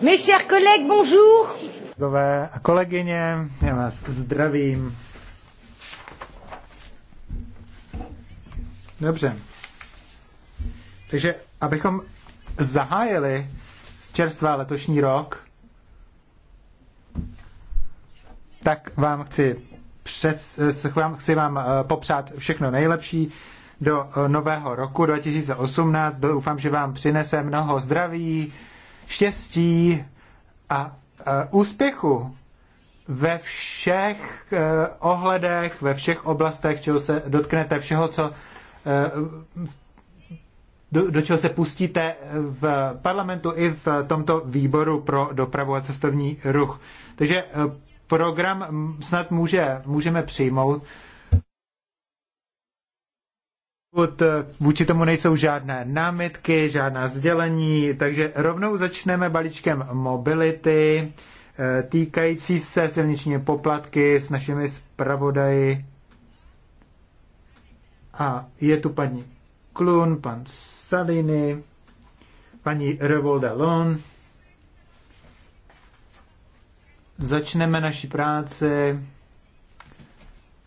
Mes chers collègues, bonjour. Kolegové a kolegyně, já vás zdravím. Dobře. Takže, abychom zahájili z čerstva letošní rok, tak vám chci, před, eh, chci vám eh, popřát všechno nejlepší do eh, nového roku 2018. Doufám, že vám přinese mnoho zdraví, štěstí a úspěchu ve všech e, ohledech, ve všech oblastech, čeho se dotknete, všeho, co e, do, do čeho se pustíte v parlamentu i v tomto výboru pro dopravu a cestovní ruch. Takže e, program snad může, můžeme přijmout pokud eh, vůči tomu nejsou žádné námitky, žádná sdělení, takže rovnou začneme balíčkem mobility eh, týkající se silniční poplatky s našimi zpravodaji. A je tu paní Klun, pan Salini, paní Lon. Začneme naši práci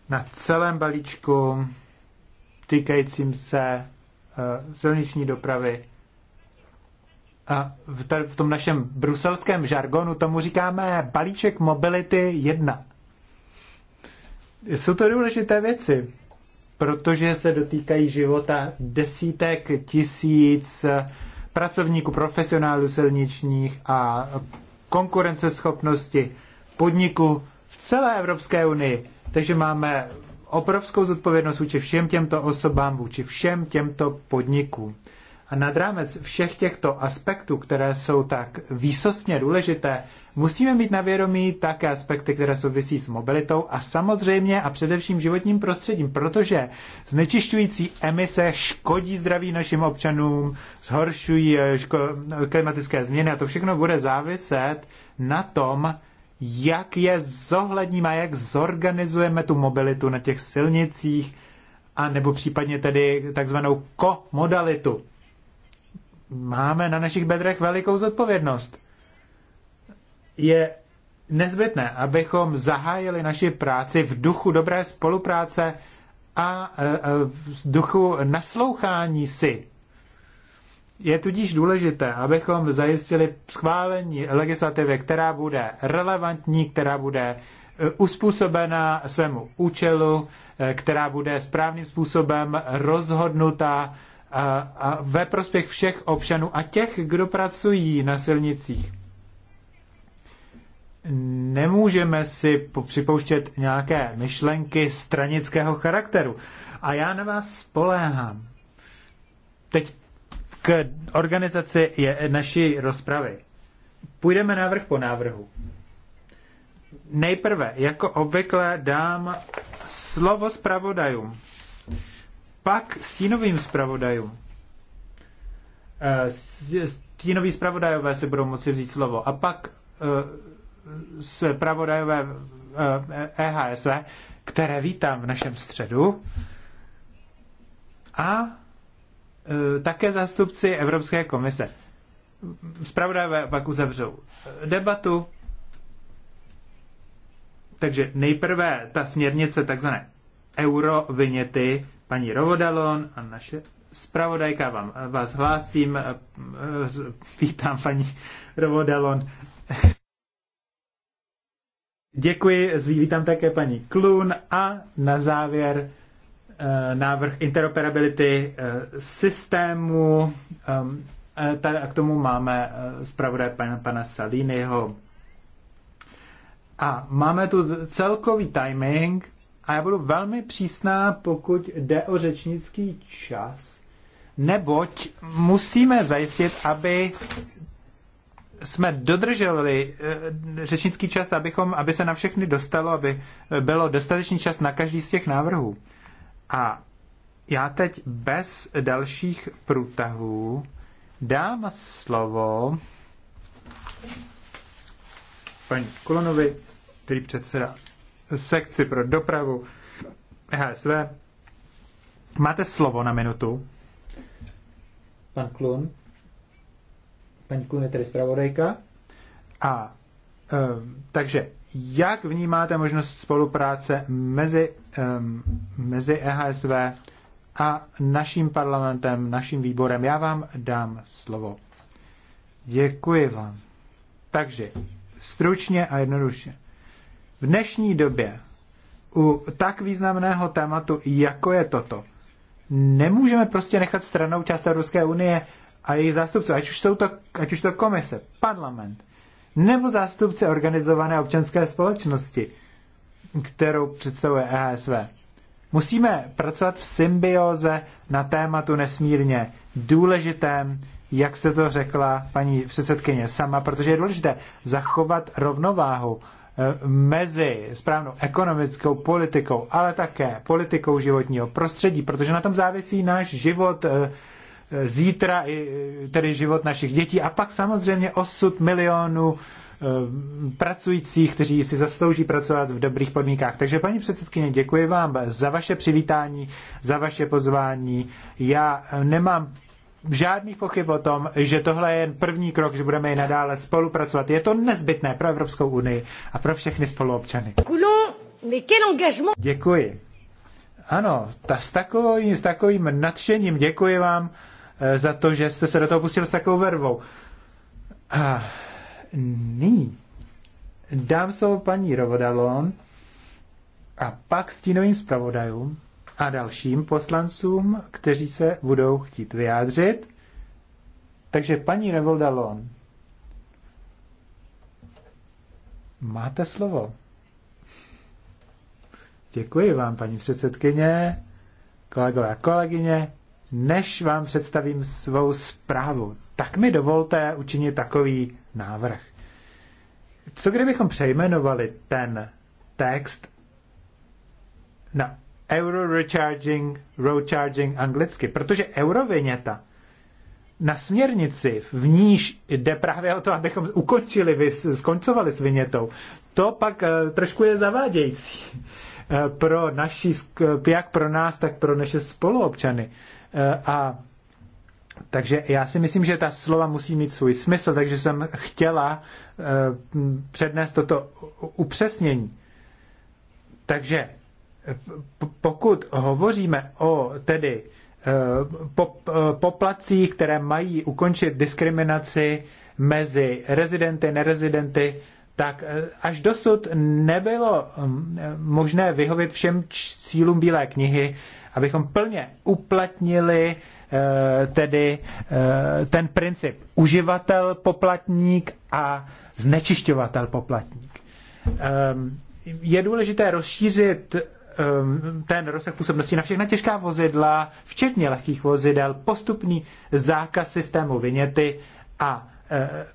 na celém balíčku týkajícím se eh, silniční dopravy. A v tom našem bruselském žargonu tomu říkáme balíček mobility 1. Jsou to důležité věci, protože se dotýkají života desítek tisíc pracovníků, profesionálů silničních a konkurenceschopnosti podniků v celé Evropské unii. Takže máme obrovskou zodpovědnost vůči všem těmto osobám, vůči všem těmto podnikům. A nad rámec všech těchto aspektů, které jsou tak výsostně důležité, musíme mít na vědomí také aspekty, které souvisí s mobilitou a samozřejmě a především životním prostředím, protože znečišťující emise škodí zdraví našim občanům, zhoršují eh, ško- klimatické změny a to všechno bude záviset na tom, jak je zohledníme, jak zorganizujeme tu mobilitu na těch silnicích, a nebo případně tedy takzvanou komodalitu. Máme na našich bedrech velikou zodpovědnost. Je nezbytné, abychom zahájili naši práci v duchu dobré spolupráce a e, e, v duchu naslouchání si je tudíž důležité, abychom zajistili schválení legislativy, která bude relevantní, která bude e, uspůsobená svému účelu, e, která bude správným způsobem rozhodnuta e, a ve prospěch všech občanů a těch, kdo pracují na silnicích. Nemůžeme si připouštět nějaké myšlenky stranického charakteru. A já na vás spoléhám. Teď k organizaci je naší rozpravy. Půjdeme návrh po návrhu. Nejprve, jako obvykle, dám slovo zpravodajům, pak stínovým zpravodajům. Eh, stínoví zpravodajové si budou moci vzít slovo a pak eh, zpravodajové EHS, e které vítám v našem středu. A Eh, také zástupci Evropské komise. Spravodajové pak uzavřou eh, debatu. Takže nejprve ta směrnice takzvané eurovinety, paní Rovodalon a naše spravodajka vám, vás hlásím, eh, vítám paní Rovodalon. Děkuji, vítám také paní Klun a na závěr Eh, návrh interoperability eh, systému. Eh, tady a k tomu máme zpravodaj pana, pana Saliniho. A máme tu celkový timing a já budu velmi přísná, pokud jde o řečnický čas, neboť musíme zajistit, aby jsme dodrželi řečnický čas, abychom, aby se na všechny dostalo, aby bylo dostatečný čas na každý z těch návrhů. A já teď bez dalších průtahů dám slovo paní Kulonovi, který předseda sekci pro dopravu HSV. Máte slovo na minutu. Pan Klun. Paní Klun je tady zpravodajka. A e, takže jak vnímáte možnost spolupráce mezi, um, mezi EHSV a naším parlamentem, naším výborem? Já vám dám slovo. Děkuji vám. Takže stručně a jednoduše. V dnešní době u tak významného tématu, jako je toto, nemůžeme prostě nechat stranou část Evropské unie a jejich zástupců, ať už, jsou to, ať už to komise, parlament, nebo zástupce organizované občanské společnosti, kterou představuje EHSV. Musíme pracovat v symbioze na tématu nesmírně důležitém, jak jste to řekla, paní předsedkyně, sama, protože je důležité zachovat rovnováhu eh, mezi správnou ekonomickou politikou, ale také politikou životního prostředí, protože na tom závisí náš život, eh, zítra tedy život našich dětí a pak samozřejmě osud milionů eh, pracujících, kteří si zaslouží pracovat v dobrých podmínkách. Takže paní předsedkyně, děkuji vám za vaše přivítání, za vaše pozvání. Já nemám žádných pochyb o tom, že tohle je jen první krok, že budeme i nadále spolupracovat. Je to nezbytné pro Evropskou unii a pro všechny spoluobčany. Děkuji. Ano, ta, s, takovým, s takovým nadšením děkuji vám Eh, za to, že jste se do toho pustil s takovou vervou. A nyní dám slovo paní Rovodalon a pak stínovým zpravodajům a dalším poslancům, kteří se budou chtít vyjádřit. Takže paní Revoldalon, máte slovo. Děkuji vám, paní předsedkyně, kolegové a kolegyně. Než vám představím svou zprávu, tak mi dovolte učinit takový návrh. Co kdybychom přejmenovali ten text na Euro Recharging, Road Charging anglicky, protože euroviněta na směrnici, v níž jde právě o to, abychom ukončili, skoncovali s vinětou, to pak eh, trošku je zavádějící eh, pro naši, jak pro nás, tak pro naše spoluobčany. A takže já si myslím, že ta slova musí mít svůj smysl, takže jsem chtěla eh, přednést toto upřesnění. Takže eh, pokud hovoříme o tedy eh, poplacích, které mají ukončit diskriminaci mezi rezidenty, nerezidenty, tak až dosud nebylo hm, možné vyhovět všem cílům Bílé knihy abychom plně uplatnili eh, tedy eh, ten princip uživatel poplatník a znečišťovatel poplatník. Ehm, je důležité rozšířit ehm, ten rozsah působnosti na všechna těžká vozidla, včetně lehkých vozidel, postupný zákaz systému vyněty a eh,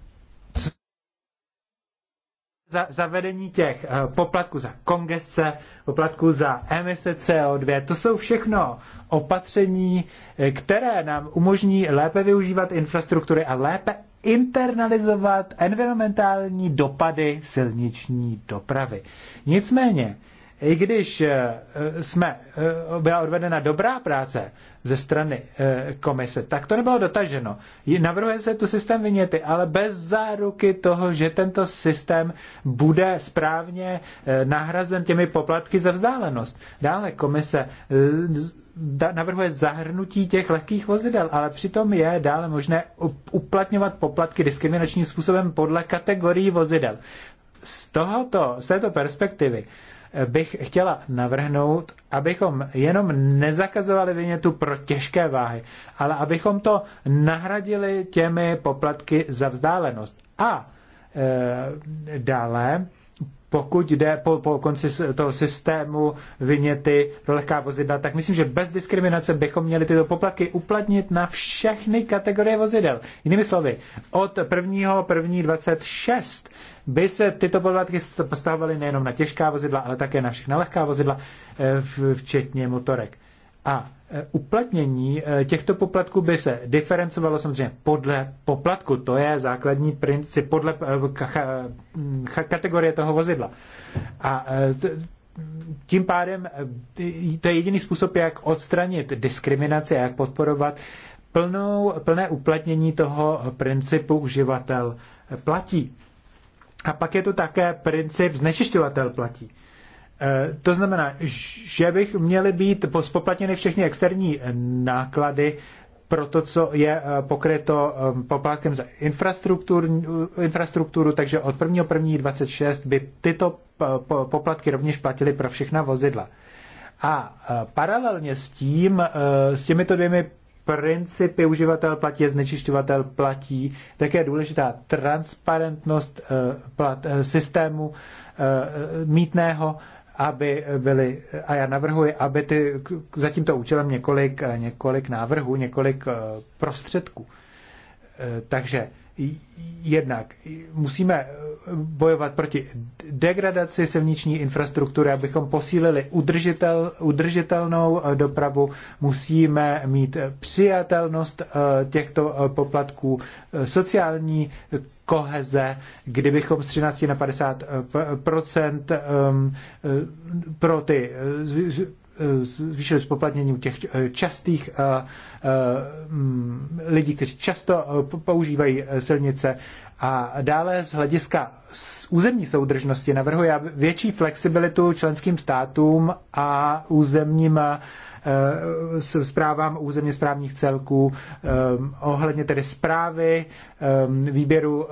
za zavedení těch eh, poplatků za kongesce, poplatků za emise CO2, to jsou všechno opatření, eh, které nám umožní lépe využívat infrastruktury a lépe internalizovat environmentální dopady silniční dopravy. Nicméně, i když eh, eh, jsme, eh, byla odvedena dobrá práce ze strany komise, tak to nebylo dotaženo. Navrhuje se tu systém vyněty, ale bez záruky toho, že tento systém bude správně nahrazen těmi poplatky za vzdálenost. Dále komise navrhuje zahrnutí těch lehkých vozidel, ale přitom je dále možné uplatňovat poplatky diskriminačním způsobem podle kategorií vozidel. Z, tohoto, z této perspektivy bych chtěla navrhnout, abychom jenom nezakazovali vinětu pro těžké váhy, ale abychom to nahradili těmi poplatky za vzdálenost. A e, dále pokud jde po, po konci toho systému vyněty pro lehká vozidla, tak myslím, že bez diskriminace bychom měli tyto poplatky uplatnit na všechny kategorie vozidel. Jinými slovy, od 1.1.26 by se tyto poplatky stavovaly nejenom na těžká vozidla, ale také na všechna lehká vozidla, eh, včetně motorek. A Eh, uplatnění eh, těchto poplatků by se diferencovalo samozřejmě podle poplatku. To je základní princip podle eh, hm, kategorie toho vozidla. A tím pádem to je jediný způsob, jak odstranit diskriminaci a jak podporovat plnou, plné uplatnění toho principu uživatel platí. A pak je to také princip znečišťovatel platí. Eh, to znamená, že bych měly být spoplatněny všechny externí náklady pro to, co je eh, pokryto eh, poplatkem za infrastrukturu, infrastrukturu takže od 1.1.26 by tyto poplatky rovněž platily pro všechna vozidla. A paralelně s tím, s těmito dvěmi principy uživatel platí a znečišťovatel platí, tak je důležitá transparentnost systému mítného aby byly, a já navrhuji, aby ty, za tímto účelem několik, několik návrhů, několik eh, prostředků. Eh, takže jednak musíme bojovat proti degradaci silniční infrastruktury, abychom posílili udržitel, udržitelnou eh, dopravu, musíme mít přijatelnost eh, těchto eh, poplatků, sociální koheze, kdybychom z 13 na 50 ehm, pro ty zvýšili spoplatnění u těch eh, častých eh, eh, mm, lidí, kteří často používají silnice. A dále z hlediska územní soudržnosti navrhuje větší flexibilitu členským státům a územním s zprávám územně správních celků ohledně tedy zprávy výběru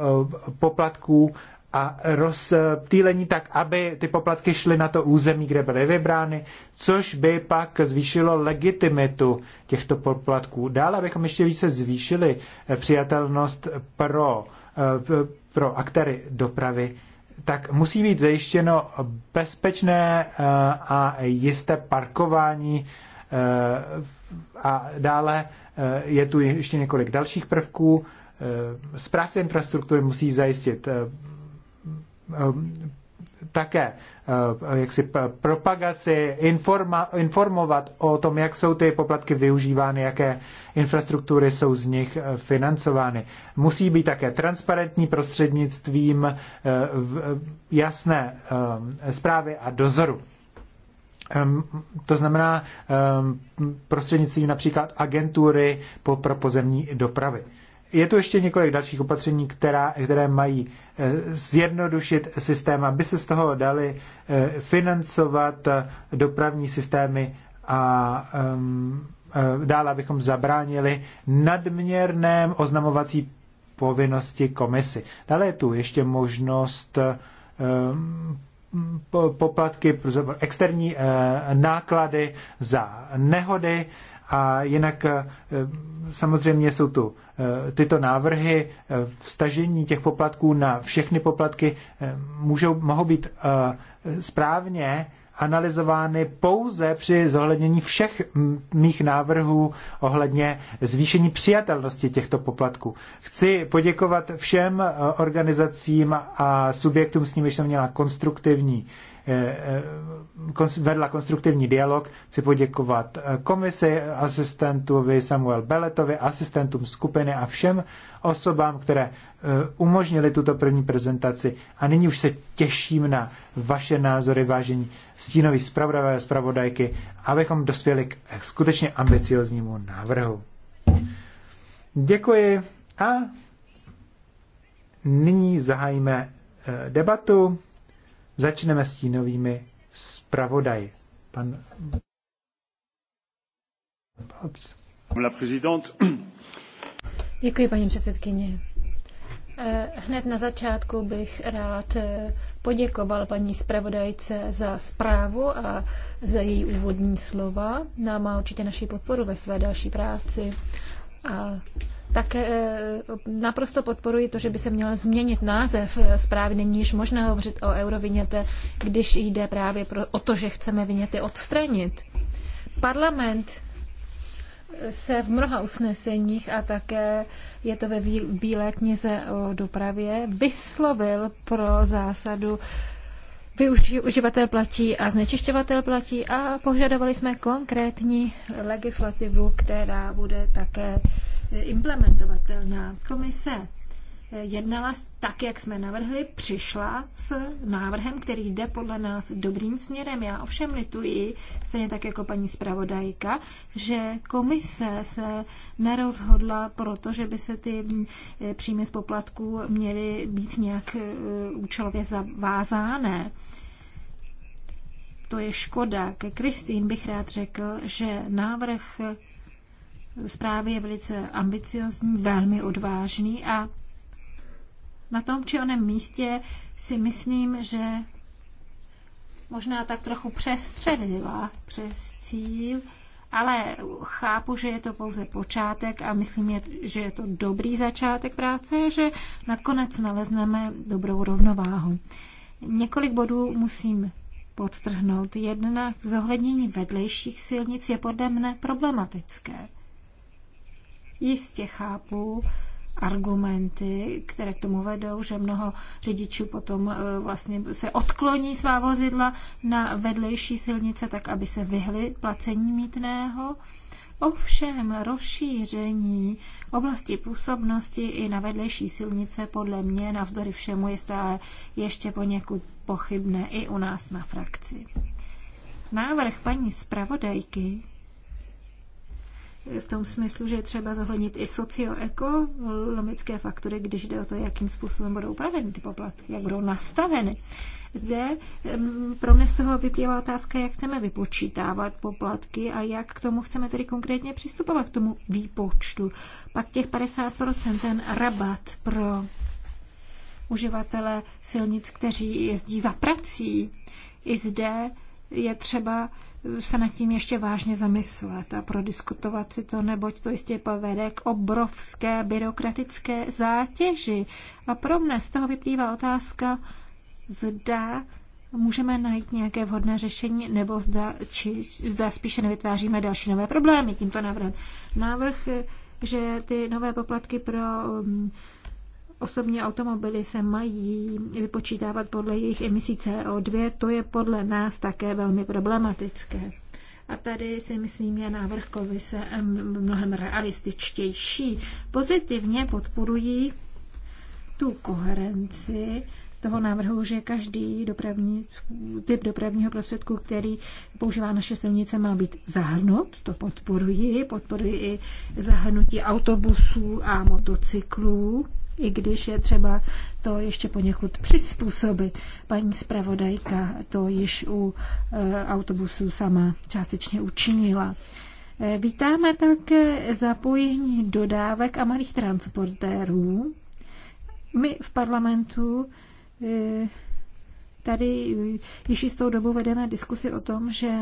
poplatků a rozptýlení tak, aby ty poplatky šly na to území, kde byly vybrány, což by pak zvýšilo legitimitu těchto poplatků. Dále, abychom ještě více zvýšili eh, přijatelnost pro, eh, pro aktéry dopravy, tak musí být zajištěno bezpečné eh, a jisté parkování a dále je tu ještě několik dalších prvků. Správce infrastruktury musí zajistit Ehm, také ehm, jaksi propagaci, informa, informovat o tom, jak jsou ty poplatky využívány, jaké infrastruktury jsou z nich eh, financovány. Musí být také transparentní prostřednictvím eh, eh, jasné ehm, zprávy a dozoru. To znamená prostřednictvím například agentury pro pozemní dopravy je tu ještě několik dalších opatření, která, které mají eh, zjednodušit systém, aby se z toho dali eh, financovat eh, dopravní systémy a um, dále, abychom zabránili nadměrném oznamovací povinnosti komisy. Dále je tu ještě možnost um, poplatky externí náklady za nehody. A jinak eh, samozřejmě jsou tu eh, tyto návrhy vstažení eh, těch poplatků na všechny poplatky můžou, mohou být správně analyzovány pouze při zohlednění všech mých návrhů ohledně zvýšení přijatelnosti těchto poplatků. Chci poděkovat všem organizacím a subjektům, s nimiž jsem měla konstruktivní Eh, eh, vedla konstruktivní dialog. Chci poděkovat eh, komisi, asistentovi Samuel Beletovi, asistentům skupiny a všem osobám, které umožnili tuto první prezentaci. A nyní už se těším na vaše názory, vážení stínoví zpravodajové zpravodajky, abychom dospěli k skutečně ambicioznímu návrhu. Děkuji a nyní zahájíme debatu. Začneme s tínovými zpravodaji. Pan Děkuji, paní předsedkyně. Eh, hned na začátku bych rád eh, poděkoval paní zpravodajce za zprávu a za její úvodní slova. Nám má určitě naši podporu ve své další práci. A tak eh, naprosto podporuji to, že by se měl změnit název eh, zprávy. Není již možné hovořit o euroviněte, když jde právě pro, o to, že chceme viněty odstranit. Parlament eh, se v mnoha usneseních a také je to ve Bílé knize o dopravě vyslovil pro zásadu uživatel platí a znečišťovatel platí a požadovali jsme konkrétní legislativu, která bude také e, implementovatelná. Komise e, jednala tak, jak jsme navrhli, přišla s návrhem, který jde podle nás dobrým směrem. Já ovšem lituji, stejně tak jako paní zpravodajka, že komise se nerozhodla proto, že by se ty e, příjmy z poplatků měly být nějak účelově zavázány to je škoda. Ke Kristýn bych rád řekl, že návrh zprávy je velice ambiciozní, velmi odvážný a na tom či onem místě si myslím, že možná tak trochu přestřelila přes cíl, ale chápu, že je to pouze počátek a myslím, že je to dobrý začátek práce, že nakonec nalezneme dobrou rovnováhu. Několik bodů musím podtrhnout, jednak zohlednění vedlejších silnic je podle mne problematické. Jistě chápu argumenty, které k tomu vedou, že mnoho řidičů potom e, vlastně se odkloní svá vozidla na vedlejší silnice, tak aby se vyhli placení mítného. Ovšem rozšíření oblasti působnosti i na vedlejší silnice podle mě navzdory všemu je stále ještě poněkud pochybné i u nás na frakci. Návrh paní zpravodajky v tom smyslu, že je třeba zohlednit i socioekonomické faktory, když jde o to, jakým způsobem budou upraveny ty poplatky, jak budou nastaveny. Zde pro mě z toho vyplývá otázka, jak chceme vypočítávat poplatky a jak k tomu chceme tedy konkrétně přistupovat, k tomu výpočtu. Pak těch 50%, ten rabat pro uživatele silnic, kteří jezdí za prací. I zde je třeba se nad tím ještě vážně zamyslet a prodiskutovat si to, neboť to jistě povede k obrovské byrokratické zátěži. A pro mne z toho vyplývá otázka, zda můžeme najít nějaké vhodné řešení, nebo zda, či, zda spíše nevytváříme další nové problémy tímto návrhem. Návrh, že ty nové poplatky pro um, osobní automobily se mají vypočítávat podle jejich emisí CO2, to je podle nás také velmi problematické. A tady si myslím, je návrh komise mnohem realističtější. Pozitivně podporují tu koherenci toho návrhu, že každý dopravní, typ dopravního prostředku, který používá naše silnice, má být zahrnut. To podporuji. Podporuji i zahrnutí autobusů a motocyklů i když je třeba to ještě poněkud přizpůsobit. Paní zpravodajka to již u e, eh, autobusů sama částečně učinila. E, vítáme také zapojení dodávek a malých transportérů. My v parlamentu e, tady již jistou dobu vedeme diskusi o tom, že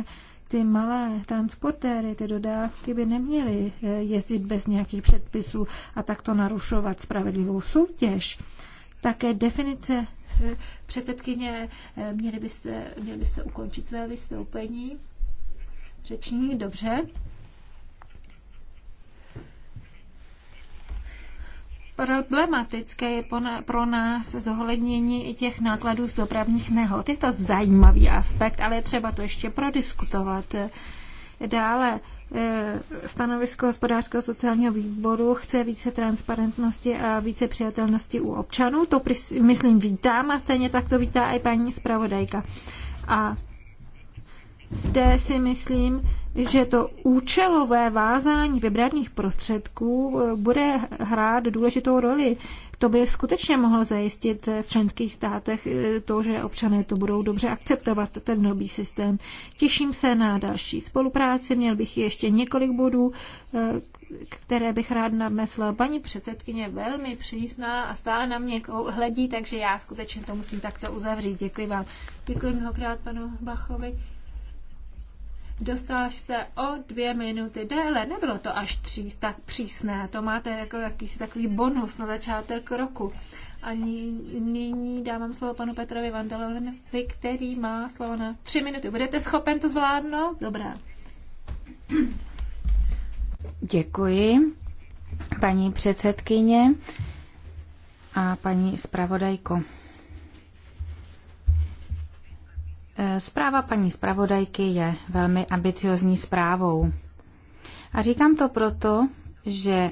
ty malé transportéry, ty dodávky by neměly eh, jezdit bez nějakých předpisů a takto narušovat spravedlivou soutěž. Také definice eh, předsedkyně, eh, měli byste, měli byste ukončit své vystoupení. Řečník, dobře. Problematické je pro nás zohlednění těch nákladů z dopravních nehod. Je to zajímavý aspekt, ale je třeba to ještě prodiskutovat. Dále eh, stanovisko hospodářského sociálního výboru chce více transparentnosti a více přijatelnosti u občanů. To myslím vítám a stejně tak to vítá i paní zpravodajka. A zde si myslím, že to účelové vázání vybraných prostředků eh, bude hrát důležitou roli. To by skutečně mohlo zajistit v členských státech eh, to, že občané to budou dobře akceptovat, ten nový systém. Těším se na další spolupráci. Měl bych ještě několik bodů, eh, které bych rád nadnesla. Paní předsedkyně velmi přísná a stále na mě hledí, takže já skutečně to musím takto uzavřít. Děkuji vám. Děkuji mnohokrát panu Bachovi dostal jste o dvě minuty déle. Nebylo to až tří, tak přísné. To máte jako jakýsi takový bonus na začátek roku. A nyní dávám slovo panu Petrovi Vandalovi, který má slovo na tři minuty. Budete schopen to zvládnout? Dobrá. Děkuji, paní předsedkyně a paní zpravodajko. Zpráva paní zpravodajky je velmi ambiciozní zprávou. A říkám to proto, že e,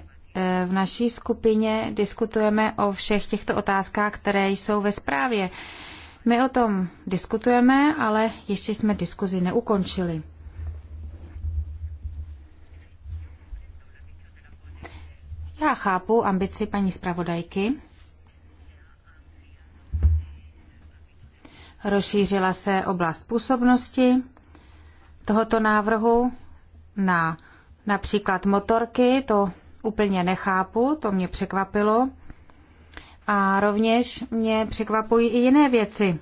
v naší skupině diskutujeme o všech těchto otázkách, které jsou ve zprávě. My o tom diskutujeme, ale ještě jsme diskuzi neukončili. Já chápu ambici paní zpravodajky, Rozšířila se oblast působnosti tohoto návrhu na například motorky, to úplně nechápu, to mě překvapilo. A rovněž mě překvapují i jiné věci,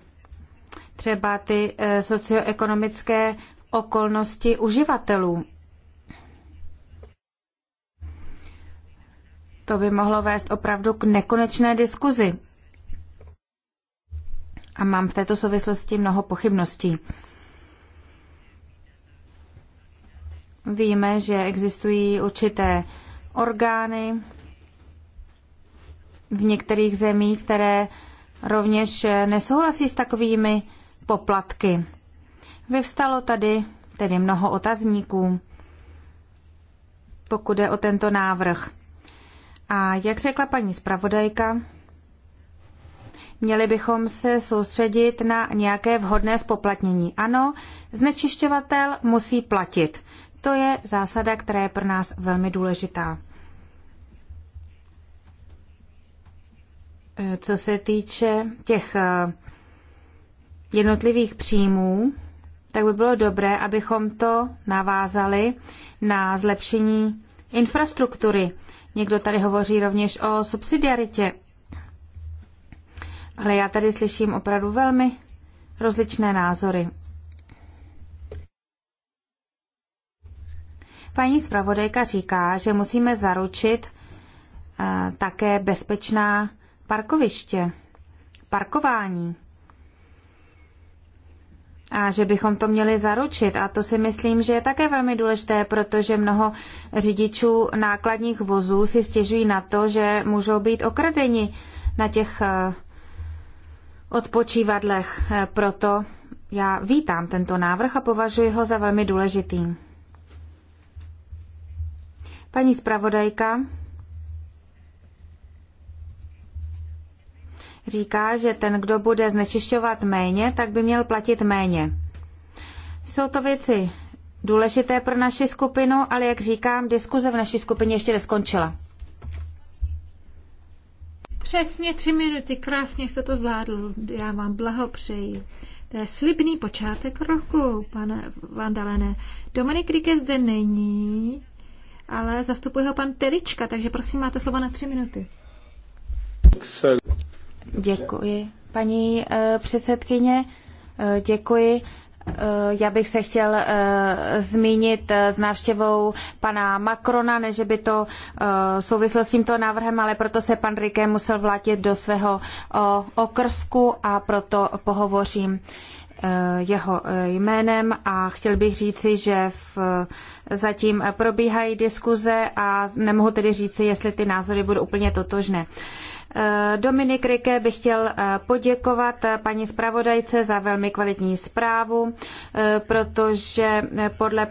třeba ty eh, socioekonomické okolnosti uživatelů. To by mohlo vést opravdu k nekonečné diskuzi a mám v této souvislosti mnoho pochybností. Víme, že existují určité orgány v některých zemích, které rovněž nesouhlasí s takovými poplatky. Vyvstalo tady tedy mnoho otazníků, pokud je o tento návrh. A jak řekla paní zpravodajka, Měli bychom se soustředit na nějaké vhodné spoplatnění. Ano, znečišťovatel musí platit. To je zásada, která je pro nás velmi důležitá. E, co se týče těch e, jednotlivých příjmů, tak by bylo dobré, abychom to navázali na zlepšení infrastruktury. Někdo tady hovoří rovněž o subsidiaritě. Ale já tady slyším opravdu velmi rozličné názory. Paní zpravodajka říká, že musíme zaručit eh, také bezpečná parkoviště, parkování. A že bychom to měli zaručit. A to si myslím, že je také velmi důležité, protože mnoho řidičů nákladních vozů si stěžují na to, že můžou být okradeni na těch eh, odpočívadlech. Eh, proto já vítám tento návrh a považuji ho za velmi důležitý. Paní zpravodajka říká, že ten, kdo bude znečišťovat méně, tak by měl platit méně. Jsou to věci důležité pro naši skupinu, ale jak říkám, diskuze v naší skupině ještě neskončila. Přesně tři minuty, krásně jste to zvládl, já vám blahopřeji. To je slibný počátek roku, pane Vandalene. Dominik Rike zde není, ale zastupuje ho pan Telička, takže prosím, máte slovo na tři minuty. Děkuji. Paní eh, předsedkyně, eh, děkuji. Eh, já bych se chtěl eh, zmínit eh, s návštěvou pana Macrona, ne že by to souvislo s tímto návrhem, ale proto se pan Rike musel vlátit do svého okrsku a proto pohovořím jeho jménem a chtěl bych říci, že v, zatím probíhají diskuze a nemohu tedy říci, jestli ty názory budou úplně totožné. Uh, Eh, Dominik Rike bych chtěl eh, poděkovat eh, paní zpravodajce za velmi kvalitní zprávu, protože podle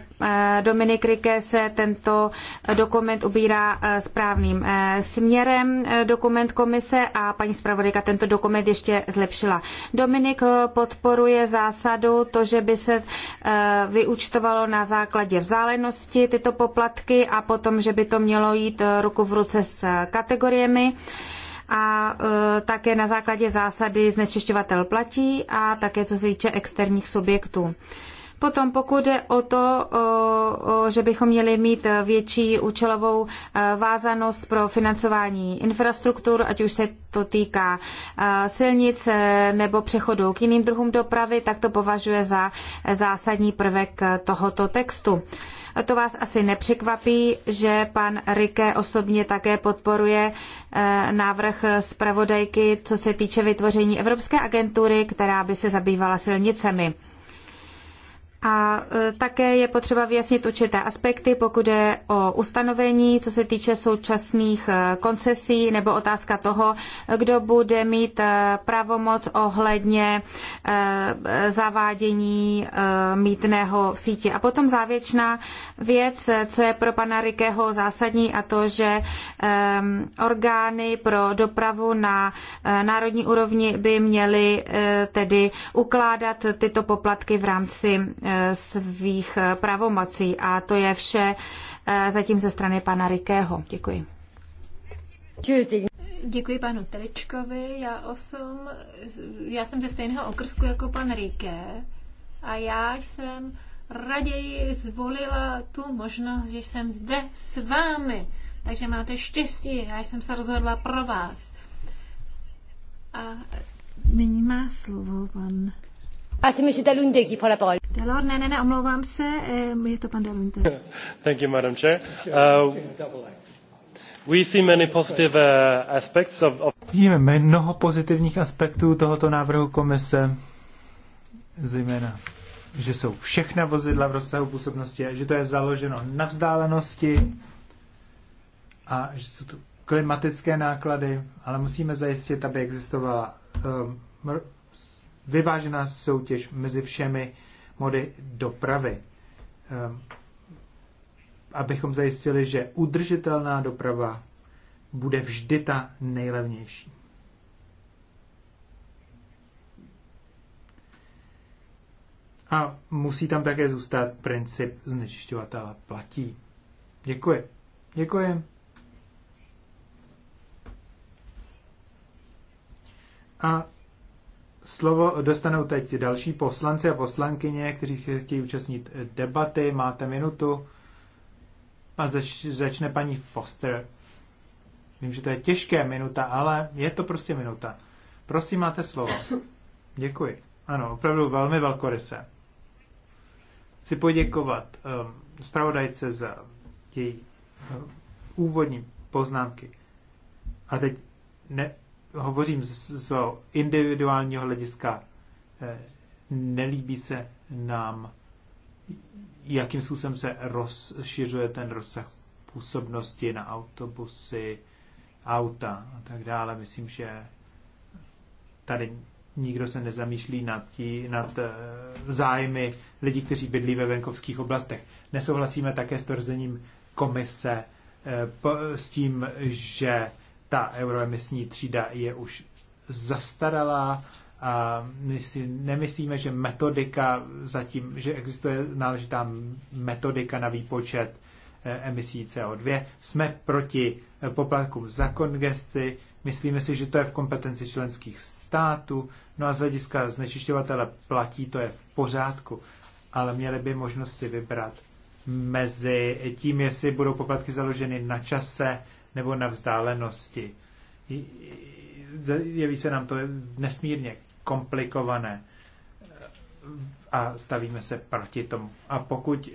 Dominik Rike se tento dokument ubírá správným směrem, dokument komise a paní zpravodajka tento dokument ještě zlepšila. Dominik podporuje zásadu to, že by se vyúčtovalo na základě vzdálenosti tyto poplatky a potom, že by to mělo jít ruku v ruce s kategoriemi a e, také na základě zásady znečišťovatel platí a také co se týče externích subjektů. Potom pokud jde o to, že bychom měli mít větší účelovou e, vázanost pro financování infrastruktur, ať už se to týká e, silnic nebo přechodu k jiným druhům dopravy, tak to považuje za zásadní prvek tohoto textu. To vás asi nepřekvapí, že pan Rike osobně také podporuje eh, návrh zpravodajky, co se týče vytvoření Evropské agentury, která by se zabývala silnicemi. A e, také je potřeba vyjasnit určité aspekty, pokud je o ustanovení, co se týče současných e, koncesí, nebo otázka toho, kdo bude mít e, pravomoc ohledně zavádění mítného v síti. A potom závěrečná věc, co je pro pana Rikého zásadní, a to, že orgány pro dopravu na národní úrovni by měly tedy ukládat tyto poplatky v rámci svých pravomocí. A to je vše eh, zatím ze strany pana Rikého. Děkuji. Děkuji panu Tričkovi. Já, osm, já jsem ze stejného okrsku jako pan Rike a já jsem raději zvolila tu možnost, že jsem zde s vámi. Takže máte štěstí, já jsem se rozhodla pro vás. A nyní má slovo pan asi ah, mi Dalunde, qui prend la parole. ne, ne, ne, omlouvám se, eh, je to pan Dalunde. Thank you, Madam Chair. Uh, we see many positive uh, aspects of, of... Vidíme mnoho pozitivních aspektů tohoto návrhu komise, zejména že jsou všechna vozidla v rozsahu působnosti a že to je založeno na vzdálenosti a že jsou tu klimatické náklady, ale musíme zajistit, aby existovala um, vyvážená soutěž mezi všemi mody dopravy. Ehm, abychom zajistili, že udržitelná doprava bude vždy ta nejlevnější. A musí tam také zůstat princip znečišťovatele platí. Děkuji. Děkuji. A Slovo dostanou teď další poslanci a poslankyně, kteří se chtějí účastnit debaty. Máte minutu a zač- začne paní Foster. Vím, že to je těžké minuta, ale je to prostě minuta. Prosím, máte slovo. Děkuji. Ano, opravdu velmi velkoryse. Chci poděkovat um, zpravodajce za její um, úvodní poznámky. A teď ne, hovořím z, z individuálního hlediska. Eh, nelíbí se nám, jakým způsobem se rozšiřuje ten rozsah působnosti na autobusy, auta a tak dále. Myslím, že tady nikdo se nezamýšlí nad, tí, nad eh, zájmy lidí, kteří bydlí ve venkovských oblastech. Nesouhlasíme také s tvrzením komise eh, s tím, že ta euroemisní třída je už zastaralá a my si nemyslíme, že metodika zatím, že existuje náležitá metodika na výpočet eh, emisí CO2. Jsme proti eh, poplatkům za kongesci, myslíme si, že to je v kompetenci členských států, no a z hlediska znečišťovatele platí, to je v pořádku, ale měli by možnost si vybrat mezi tím, jestli budou poplatky založeny na čase nebo na vzdálenosti. Jeví se nám to nesmírně komplikované a stavíme se proti tomu. A pokud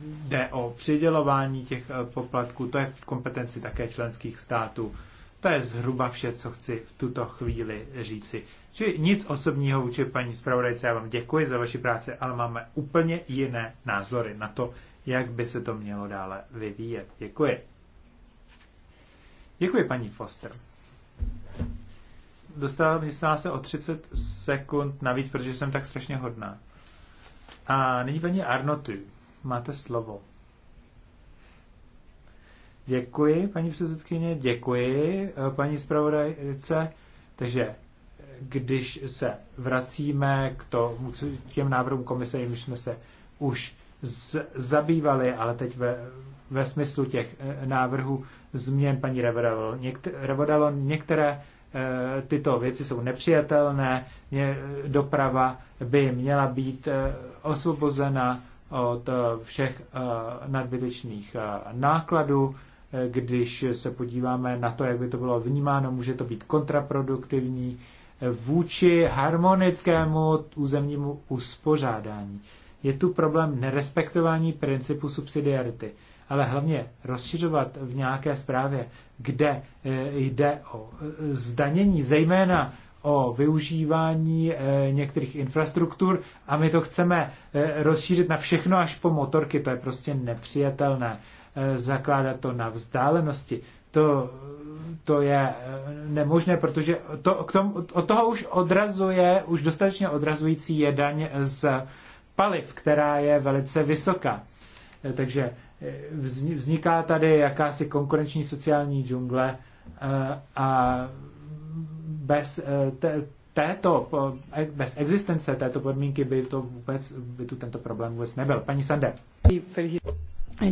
jde o přidělování těch eh, poplatků, to je v kompetenci také členských států. To je zhruba vše, co chci v tuto chvíli říci. Čili nic osobního vůči paní zpravodajce, já vám děkuji za vaši práci, ale máme úplně jiné názory na to, jak by se to mělo dále vyvíjet. Děkuji. Děkuji, paní Foster. Dostala dostala se o 30 sekund navíc, protože jsem tak strašně hodná. A nyní paní Arnotu, máte slovo. Děkuji, paní předsedkyně, děkuji, eh, paní zpravodajce. Takže když se vracíme k, tomu, k těm návrhům komise, jimž jsme se už z, zabývali, ale teď ve, ve smyslu těch eh, návrhů změn paní Revodalo. Někte, Revodalo některé eh, tyto věci jsou nepřijatelné, eh, doprava by měla být osvobozena od všech nadbytečných nákladů. Když se podíváme na to, jak by to bylo vnímáno, může to být kontraproduktivní vůči harmonickému územnímu uspořádání. Je tu problém nerespektování principu subsidiarity, ale hlavně rozšiřovat v nějaké zprávě, kde eh, jde o eh, zdanění, zejména o využívání eh, některých infrastruktur a my to chceme rozšířit na všechno až po motorky, to je prostě nepřijatelné. Zakládat to na vzdálenosti, to, to je nemožné, protože to, k tomu, od toho už odrazuje, už dostatečně odrazující je daň z paliv, která je velice vysoká. Eh, takže eh, vzniká tady jakási konkurenční sociální džungle eh, a bez této, e-, bez existence této podmínky by, to vůbec, by tu tento problém vůbec nebyl. Paní Sande.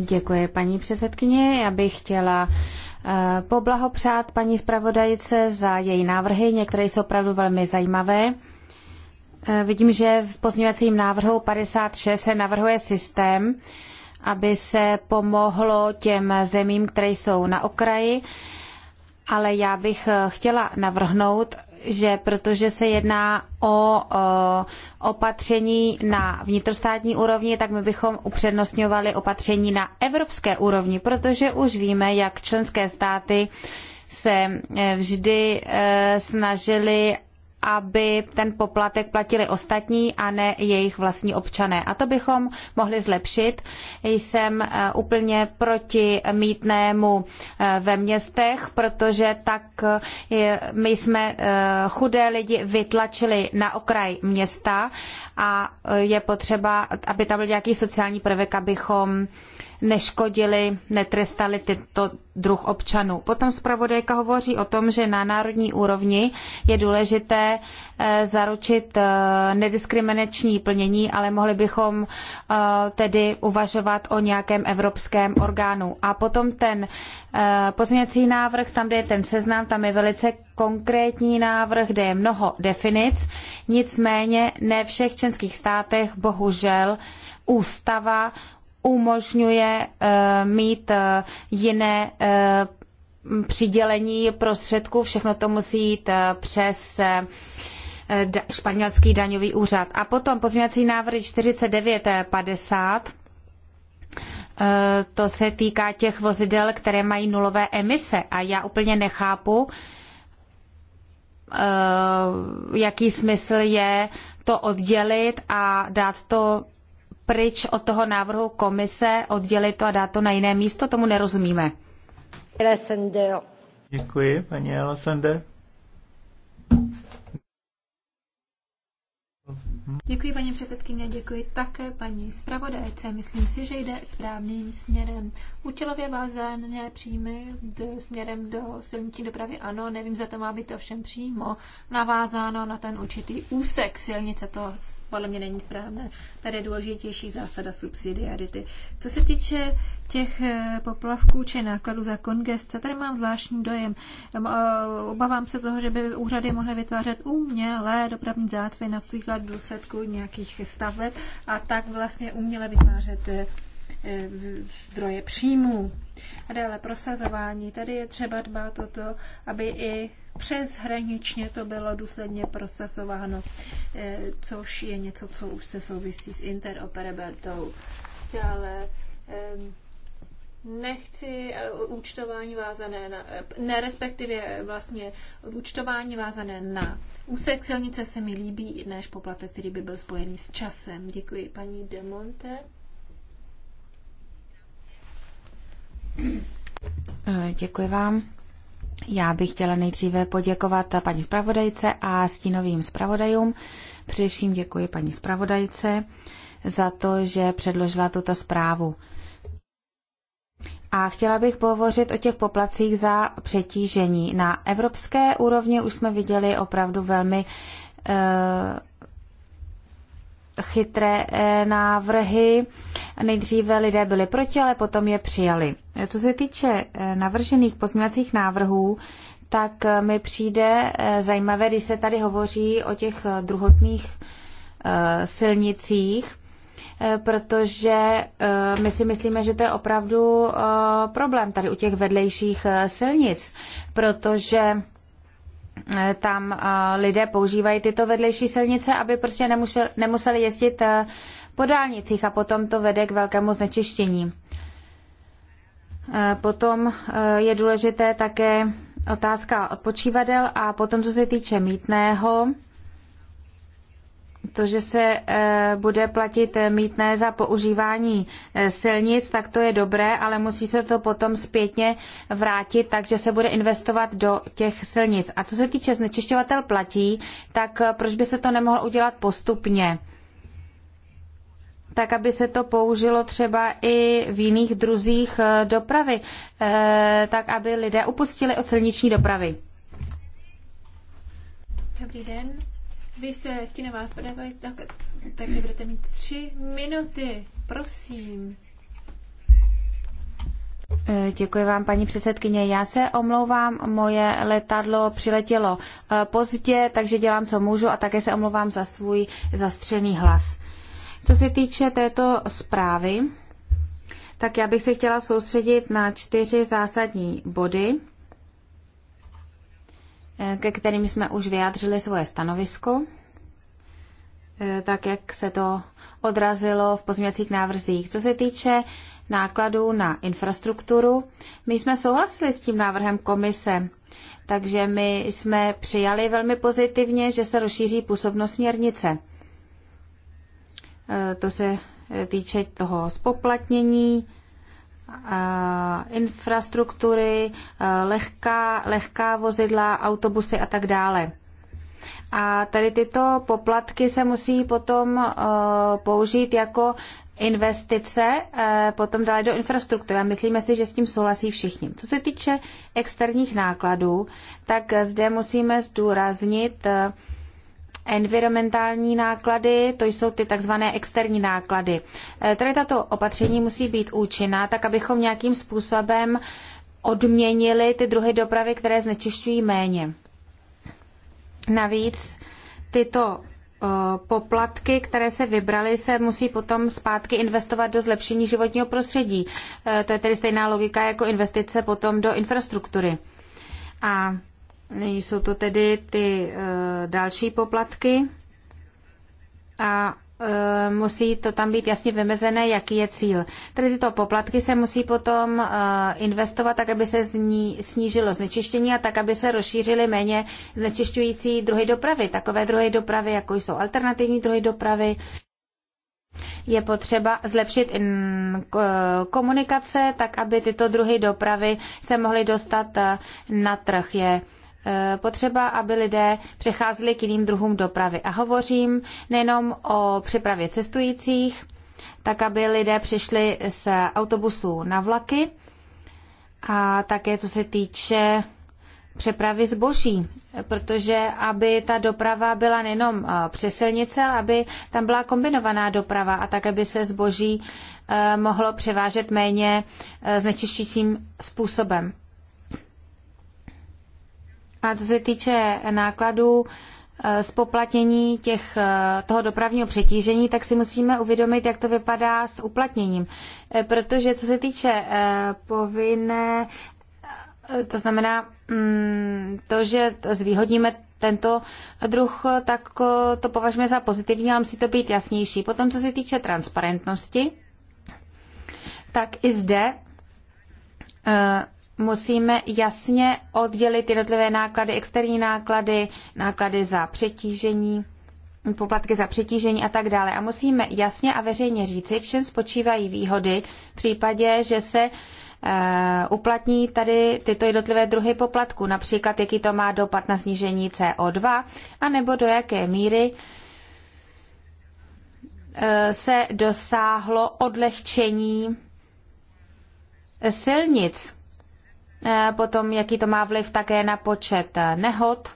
Děkuji, paní předsedkyně. Já bych chtěla poblahopřát paní zpravodajce za její návrhy. Některé jsou opravdu velmi zajímavé. Eh, vidím, že v pozměňovacím návrhu 56 se navrhuje systém, aby se pomohlo těm zemím, které jsou na okraji, ale já bych eh, chtěla navrhnout, že protože se jedná o, eh, opatření na vnitrostátní úrovni, tak my bychom upřednostňovali opatření na evropské úrovni, protože už víme, jak členské státy se vždy snažili aby ten poplatek platili ostatní a ne jejich vlastní občané. A to bychom mohli zlepšit. Jsem e, úplně proti mítnému e, ve městech, protože tak e, my jsme chudé lidi vytlačili na okraj města a je potřeba, aby tam byl nějaký sociální prvek, abychom neškodili, netrestali tyto druh občanů. Potom zpravodajka hovoří o tom, že na národní úrovni je důležité eh, zaručit eh, nediskriminační plnění, ale mohli bychom eh, tedy uvažovat o nějakém evropském orgánu. A potom ten pozměňovací návrh, tam, kde je ten seznam, tam je velice konkrétní návrh, kde je mnoho definic, nicméně ne všech členských státech bohužel ústava umožňuje eh, mít eh, jiné eh, přidělení prostředků. Všechno to musí jít přes španělský daňový úřad. A potom pozměňovací návrhy 4950. To se týká těch vozidel, které mají nulové emise. A já úplně nechápu, jaký smysl je to oddělit a dát to pryč od toho návrhu komise, oddělit to a dát to na jiné místo, tomu nerozumíme. Děkuji, paní Alessander. Děkuji, paní předsedkyně, děkuji také paní zpravodajce. Myslím si, že jde správným směrem. Účelově vázané příjmy do, směrem do silniční dopravy, ano, nevím, za to má být to všem přímo navázáno na ten určitý úsek silnice, to podle mě není správné. Tady je důležitější zásada subsidiarity. Co se týče těch eh, poplavků či nákladů za kongestce, tady mám zvláštní dojem. Eh, obávám se toho, že by úřady mohly vytvářet umělé dopravní zácvy, například v důsledku nějakých staveb a tak vlastně uměle vytvářet eh, zdroje příjmů. A dále prosazování. Tady je třeba dbát o to, aby i Přeshraničně to bylo důsledně procesováno, eh, což je něco, co už se souvisí s interoperabilitou. Dále ehm, nechci eh, účtování vázané na, eh, ne respektive vlastně účtování vázané na úsek silnice se mi líbí než poplatek, který by byl spojený s časem. Děkuji paní Demonte. Děkuji vám. Já bych chtěla nejdříve poděkovat paní zpravodajce a stínovým zpravodajům. Především děkuji paní zpravodajce za to, že předložila tuto zprávu. A chtěla bych pohovořit o těch poplacích za přetížení. Na evropské úrovni už jsme viděli opravdu velmi eh, chytré eh, návrhy. Nejdříve lidé byli proti, ale potom je přijali. Co se týče eh, navržených pozměňovacích návrhů, tak eh, mi přijde zajímavé, když se tady hovoří o těch druhotných silnicích, protože my si myslíme, že to je opravdu problém tady u těch vedlejších silnic, protože Eh, tam eh, lidé používají tyto vedlejší silnice, aby prostě nemuseli, nemuseli jezdit eh, po dálnicích a potom to vede k velkému znečištění. Potom je důležité také otázka odpočívadel a potom, co se týče mítného, to, že se eh, bude platit eh, mítné za používání eh, silnic, tak to je dobré, ale musí se to potom zpětně vrátit, takže se bude investovat do těch silnic. A co se týče znečišťovatel platí, tak proč by se to nemohlo udělat postupně? tak aby se to použilo třeba i v jiných druzích dopravy, tak aby lidé upustili od silniční dopravy. Dobrý den. Vy jste vás zpravodaj, tak, takže budete mít tři minuty. Prosím. Eh, děkuji vám, paní předsedkyně. Já se omlouvám, moje letadlo přiletělo eh, pozdě, takže dělám, co můžu a také se omlouvám za svůj zastřený hlas. Co se týče této zprávy, tak já bych se chtěla soustředit na čtyři zásadní body. Eh, ke kterým jsme už vyjádřili svoje stanovisko, eh, tak jak se to odrazilo v pozměcích návrzích. Co se týče nákladů na infrastrukturu, my jsme souhlasili s tím návrhem komise, takže my jsme přijali velmi pozitivně, že se rozšíří působnost směrnice. Eh, to se týče toho spoplatnění, infrastruktury, lehká, lehká vozidla, autobusy a tak dále. A tady tyto poplatky se musí potom e, použít jako investice e, potom dále do infrastruktury. myslíme si, že s tím souhlasí všichni. Co se týče externích nákladů, tak zde musíme zdůraznit, e, Environmentální náklady, to jsou ty takzvané externí náklady. Eh, Tady tato opatření musí být účinná, tak abychom nějakým způsobem odměnili ty druhy dopravy, které znečišťují méně. Navíc tyto eh, poplatky, které se vybraly, se musí potom zpátky investovat do zlepšení životního prostředí. Eh, to je tedy stejná logika jako investice potom do infrastruktury. A Nyní jsou to tedy ty eh, další poplatky a eh, musí to tam být jasně vymezené, jaký je cíl. Tedy tyto poplatky se musí potom eh, investovat tak, aby se zní, snížilo znečištění a tak, aby se rozšířily méně znečišťující druhy dopravy. Takové druhy dopravy, jako jsou alternativní druhy dopravy, je potřeba zlepšit komunikace, tak aby tyto druhy dopravy se mohly dostat na trh. Je Eh, potřeba, aby lidé přecházeli k jiným druhům dopravy. A hovořím nejenom o přepravě cestujících, tak aby lidé přešli z autobusů na vlaky a také co se týče přepravy zboží, protože aby ta doprava byla nejenom eh, přes silnice, ale aby tam byla kombinovaná doprava a tak, aby se zboží eh, mohlo převážet méně znečišťujícím způsobem. A co se týče nákladů, spoplatnění eh, těch, eh, toho dopravního přetížení, tak si musíme uvědomit, jak to vypadá s uplatněním. Eh, protože co se týče povinné, to znamená mm, to, že zvýhodníme tento druh, tak to považujeme za pozitivní, ale musí to být jasnější. Potom, co se týče transparentnosti, tak i zde musíme jasně oddělit jednotlivé náklady, externí náklady, náklady za přetížení, poplatky za přetížení a tak dále. A musíme jasně a veřejně říci, v čem spočívají výhody v případě, že se eh, uplatní tady tyto jednotlivé druhy poplatku, například jaký to má dopad na snížení CO2, anebo do jaké míry eh, se dosáhlo odlehčení silnic E, potom jaký to má vliv také na počet e, nehod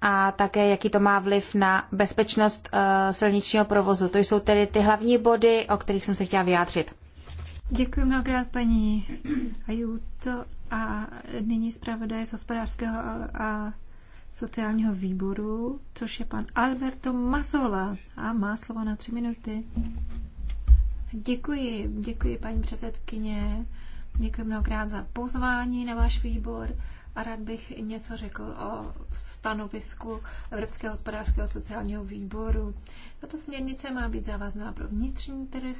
a také jaký to má vliv na bezpečnost e, silničního provozu. To jsou tedy ty hlavní body, o kterých jsem se chtěla vyjádřit. Děkuji mnohokrát paní Ajuto a nyní zpravodaj z hospodářského a sociálního výboru, což je pan Alberto Mazola a má slovo na tři minuty. Děkuji, děkuji paní předsedkyně. Děkuji mnohokrát za pozvání na váš výbor a rád bych něco řekl o stanovisku Evropského hospodářského sociálního výboru. Tato směrnice má být závazná pro vnitřní trh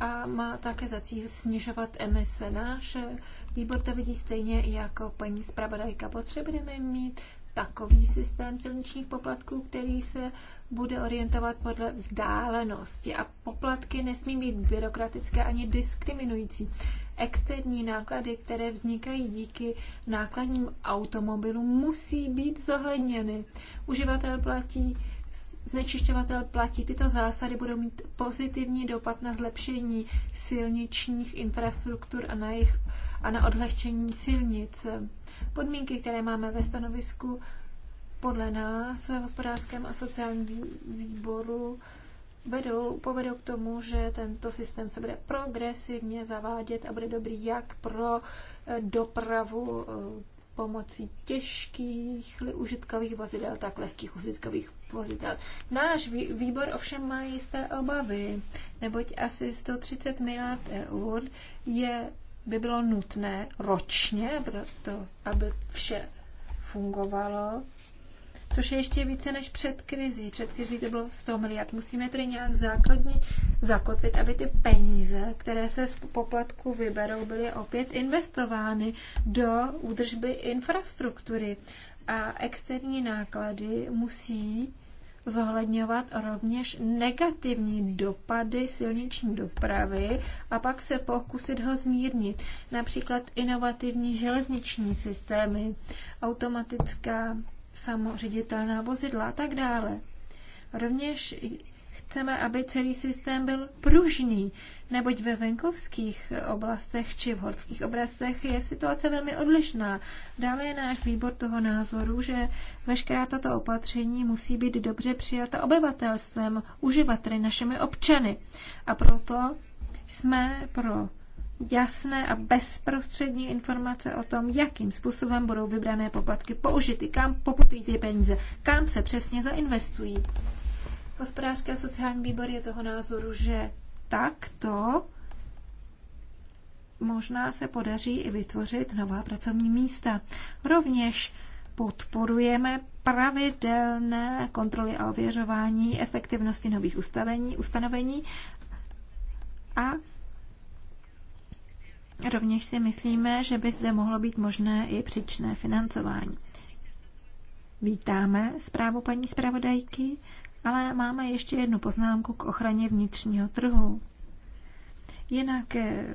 a má také za cíl snižovat emise. náše. výbor to vidí stejně jako paní zpravodajka. Potřebujeme mít takový systém silničních poplatků, který se bude orientovat podle vzdálenosti. A poplatky nesmí být byrokratické ani diskriminující externí náklady, které vznikají díky nákladním automobilům, musí být zohledněny. Uživatel platí znečišťovatel platí. Tyto zásady budou mít pozitivní dopad na zlepšení silničních infrastruktur a na, jejich, a na odlehčení silnic. Podmínky, které máme ve stanovisku, podle nás v hospodářském a sociálním výboru vedou, povedou k tomu, že tento systém se bude progresivně zavádět a bude dobrý jak pro eh, dopravu eh, pomocí těžkých užitkových vozidel, tak lehkých užitkových vozidel. Náš výbor ovšem má jisté obavy, neboť asi 130 miliard eur je, by bylo nutné ročně, proto, aby vše fungovalo, což je ještě více než před krizí. Před krizí to bylo 100 miliard. Musíme tedy nějak základně zakotvit, aby ty peníze, které se z poplatku vyberou, byly opět investovány do údržby infrastruktury. A externí náklady musí zohledňovat rovněž negativní dopady silniční dopravy a pak se pokusit ho zmírnit. Například inovativní železniční systémy, automatická samoředitelná vozidla a tak dále. Rovněž chceme, aby celý systém byl pružný, neboť ve venkovských oblastech či v horských oblastech je situace velmi odlišná. Dále je náš výbor toho názoru, že veškerá tato opatření musí být dobře přijata obyvatelstvem, uživateli, našimi občany. A proto jsme pro jasné a bezprostřední informace o tom, jakým způsobem budou vybrané poplatky použity, kam poputují ty peníze, kam se přesně zainvestují. Hospodářské a sociální výbor je toho názoru, že takto možná se podaří i vytvořit nová pracovní místa. Rovněž podporujeme pravidelné kontroly a ověřování efektivnosti nových ustavení, ustanovení a Rovněž si myslíme, že by zde mohlo být možné i příčné financování. Vítáme zprávu paní zpravodajky, ale máme ještě jednu poznámku k ochraně vnitřního trhu. Jinak eh,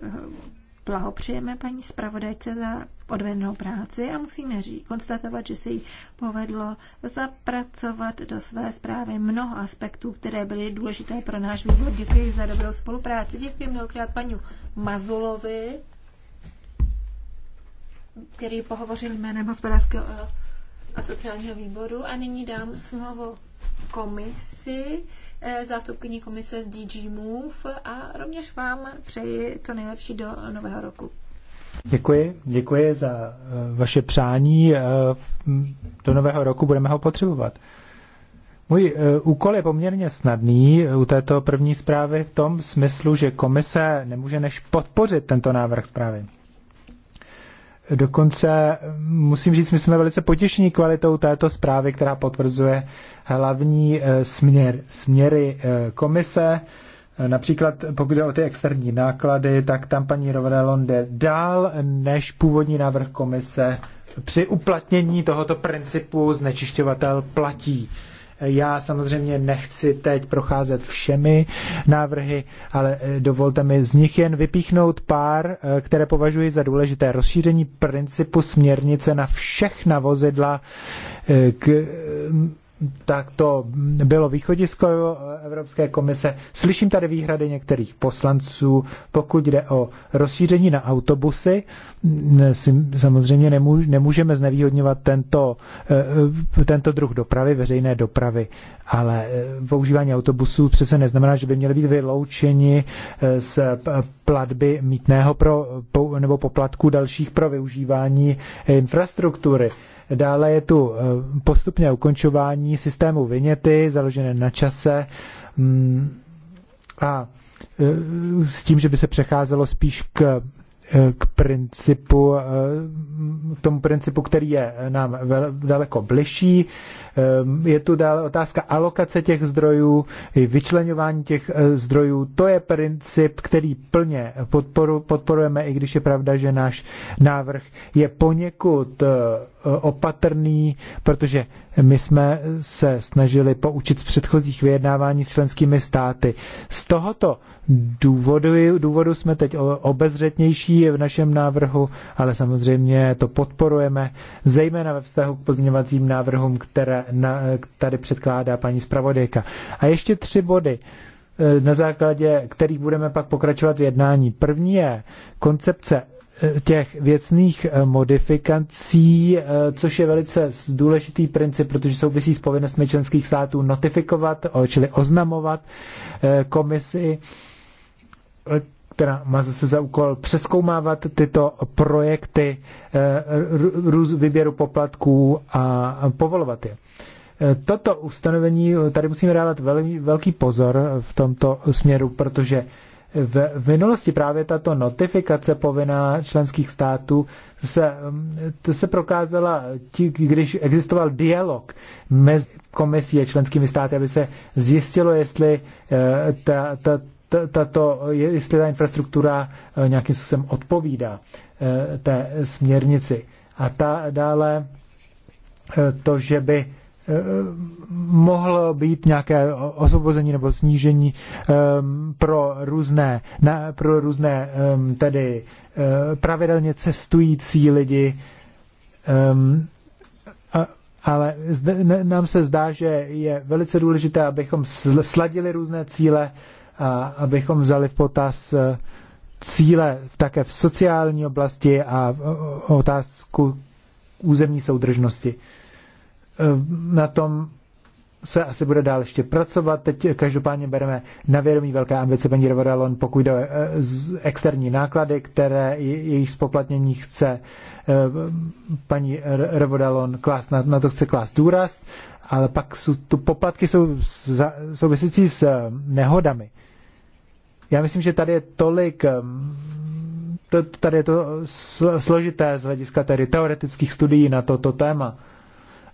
blahopřejeme paní zpravodajce za odvednou práci a musíme říct, konstatovat, že se jí povedlo zapracovat do své zprávy mnoho aspektů, které byly důležité pro náš výbor. Děkuji za dobrou spolupráci. Děkuji mnohokrát paní Mazulovi který pohovořil jménem hospodářského eh, a sociálního výboru. A nyní dám slovo komisi, eh, zástupkyní komise z DG Move a rovněž vám přeji to nejlepší do nového roku. Děkuji, děkuji za eh, vaše přání. Do nového roku budeme ho potřebovat. Můj úkol je poměrně snadný u této první zprávy v tom smyslu, že komise nemůže než podpořit tento návrh zprávy. Dokonce musím říct, my jsme velice potěšení kvalitou této zprávy, která potvrzuje hlavní eh, směr, směry eh, komise. Eh, například pokud jde o ty externí náklady, tak tam paní Rovarelon jde dál než původní návrh komise při uplatnění tohoto principu znečišťovatel platí. Já samozřejmě nechci teď procházet všemi návrhy, ale eh, dovolte mi z nich jen vypíchnout pár, eh, které považuji za důležité. Rozšíření principu směrnice na všechna vozidla eh, k tak to bylo východisko Evropské komise. Slyším tady výhrady některých poslanců, pokud jde o rozšíření na autobusy. Samozřejmě nemůžeme znevýhodňovat tento, eh, tento druh dopravy, veřejné dopravy, ale eh, používání autobusů přece neznamená, že by měly být vyloučeni eh, z platby mítného pro, nebo poplatku dalších pro využívání infrastruktury Dále je tu eh, postupné ukončování systému vyněty, založené na čase mm, a eh, s tím, že by se přecházelo spíš k eh, k principu, k tomu principu, který je nám daleko bližší, Ehm, je tu dále otázka alokace těch zdrojů, vyčlenování těch eh, zdrojů. To je princip, který plně podporu, podporujeme, i když je pravda, že náš návrh je poněkud eh, opatrný, protože my jsme se snažili poučit z předchozích vyjednávání s členskými státy. Z tohoto důvodu, důvodu jsme teď obezřetnější v našem návrhu, ale samozřejmě to podporujeme, zejména ve vztahu k pozměňovacím návrhům, které na, tady předkládá paní zpravodajka. A ještě tři body eh, na základě kterých budeme pak pokračovat v jednání. První je koncepce eh, těch věcných eh, modifikací, což je velice důležitý princip, protože souvisí s povinnostmi členských států notifikovat, čili oznamovat komisi, která má zase za úkol přeskoumávat tyto projekty výběru poplatků a povolovat je toto ustanovení, eh, tady musíme dávat velmi, velký pozor eh, v tomto směru, protože v, v minulosti právě tato notifikace povinná členských států se, mm, to se prokázala, tí, když existoval dialog mezi komisí a členskými státy, aby se zjistilo, jestli eh, ta, ta, ta, tato, jestli ta infrastruktura nějakým způsobem odpovídá té směrnici. A ta dále to, že by mohlo být nějaké osvobození nebo snížení ehm, pro různé, na, pro různé ehm, tedy eh, pravidelně cestující lidi, ehm, ale zde, nám se zdá, že je velice důležité, abychom sladili různé cíle a abychom vzali v potaz eh, cíle také v sociální oblasti a otázku územní soudržnosti. Eh, na tom se asi bude dál ještě pracovat. Teď každopádně bereme na vědomí velké ambice paní Revodalon, pokud jde o eh, externí náklady, které jejich spoplatnění chce eh, paní Revodalon klást, na, na to chce klást důraz, ale pak jsou, tu poplatky jsou souvisící s nehodami. Já myslím, že tady je tolik tady je to složité z hlediska tedy teoretických studií na toto téma.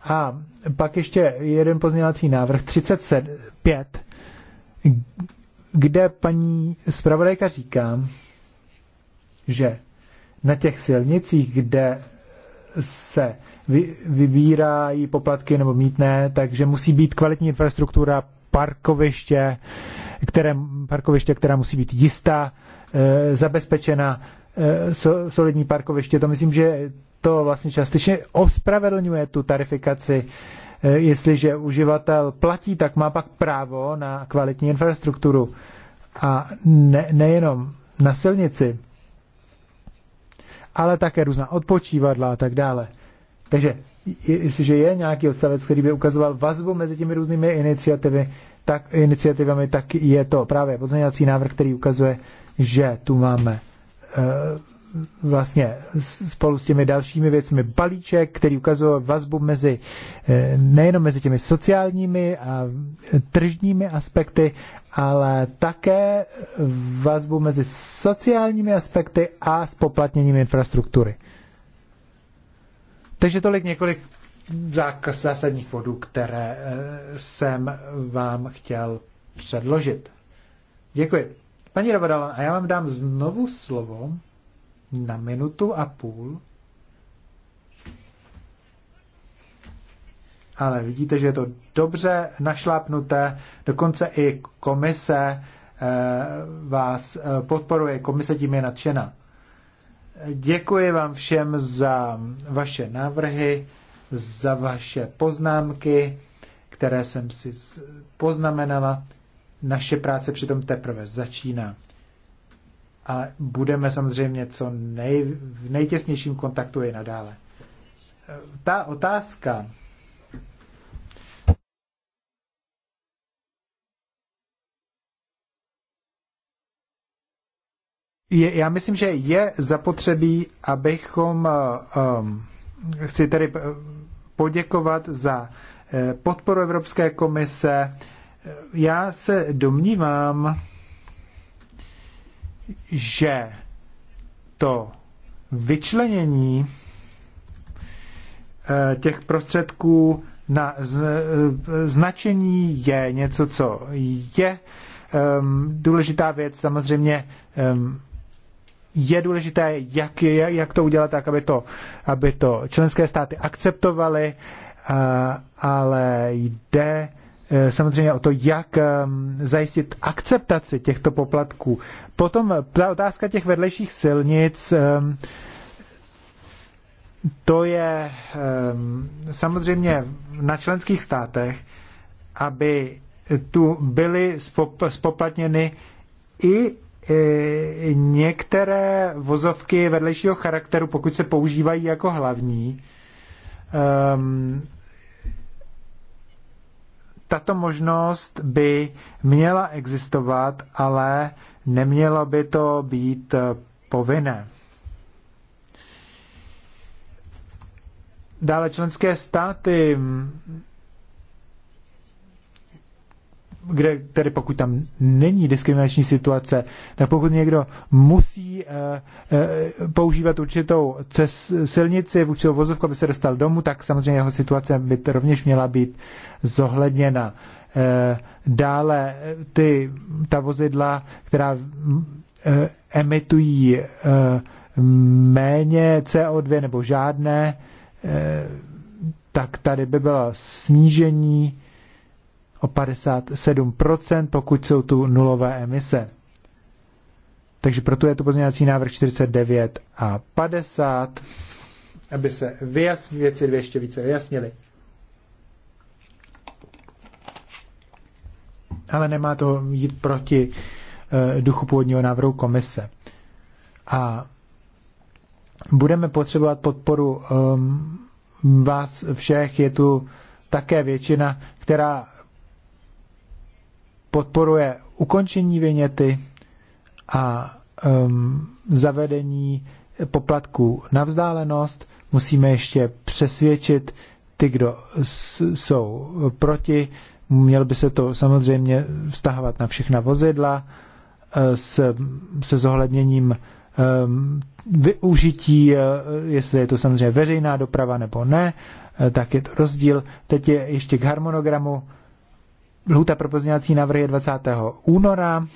A pak ještě jeden pozměňovací návrh 35, kde paní zpravodajka říká, že na těch silnicích, kde se vy, vybírají poplatky nebo mítné, takže musí být kvalitní infrastruktura, parkoviště, které, parkoviště, která musí být jistá, e, zabezpečena, e, solidní parkoviště. To myslím, že to vlastně částečně ospravedlňuje tu tarifikaci. E, jestliže uživatel platí, tak má pak právo na kvalitní infrastrukturu. A ne, nejenom na silnici, ale také různá odpočívadla a tak dále. Takže jestliže je nějaký odstavec, který by ukazoval vazbu mezi těmi různými iniciativy, tak, iniciativami, tak je to právě pozměňovací návrh, který ukazuje, že tu máme e, vlastně spolu s těmi dalšími věcmi balíček, který ukazuje vazbu mezi eh, nejenom mezi těmi sociálními a eh, tržními aspekty, ale také vazbu mezi sociálními aspekty a spoplatněním infrastruktury. Takže tolik několik zásadních bodů, které eh, jsem vám chtěl předložit. Děkuji. Paní Ravadala, a já vám dám znovu slovo na minutu a půl. Ale vidíte, že je to dobře našlápnuté, dokonce i komise eh, vás eh, podporuje, komise tím je nadšena. Děkuji vám všem za vaše návrhy, za vaše poznámky, které jsem si poznamenala. Naše práce přitom teprve začíná ale budeme samozřejmě co nej, v nejtěsnějším kontaktu i nadále. Ta otázka, Je, já myslím, že je zapotřebí, abychom um, chci tedy uh, poděkovat za eh, podporu Evropské komise. Já se domnívám, že to vyčlenění eh, těch prostředků na eh, značení je něco, co je ehm, důležitá věc. Samozřejmě ehm, je důležité, jak, jak to udělat tak, aby to, aby to členské státy akceptovaly, eh, ale jde Eh, samozřejmě o to, jak ehm, zajistit akceptaci těchto poplatků. Potom eh, ta otázka těch vedlejších silnic, ehm, to je ehm, samozřejmě na členských státech, aby tu byly spoplatněny i eh, některé vozovky vedlejšího charakteru, pokud se používají jako hlavní tato možnost by měla existovat, ale nemělo by to být eh, povinné. Dále členské státy kde tedy pokud tam není diskriminační situace, tak pokud někdo musí uh, uh, používat určitou cest, silnici, určitou vozovku, aby se dostal domů, tak samozřejmě jeho situace by to rovněž měla být zohledněna. Uh, dále ty, ta vozidla, která uh, emitují uh, méně CO2 nebo žádné, tak tady by bylo snížení o 57%, pokud jsou tu nulové emise. Takže proto je to pozměňovací návrh 49 a 50, aby se vyjasn, věci dvě ještě více vyjasnily. Ale nemá to jít proti e, duchu původního návrhu komise. A budeme potřebovat podporu um, vás všech. Je tu také většina, která podporuje ukončení věněty a um, zavedení poplatků na vzdálenost. Musíme ještě přesvědčit ty, kdo jsou proti. měl by se to samozřejmě vztahovat na všechna vozidla uh, s, se zohledněním um, využití, uh, jestli je to samozřejmě veřejná doprava nebo ne, uh, tak je to rozdíl. Teď je ještě k harmonogramu Lhuta pro pozměňovací návrhy je 20. února,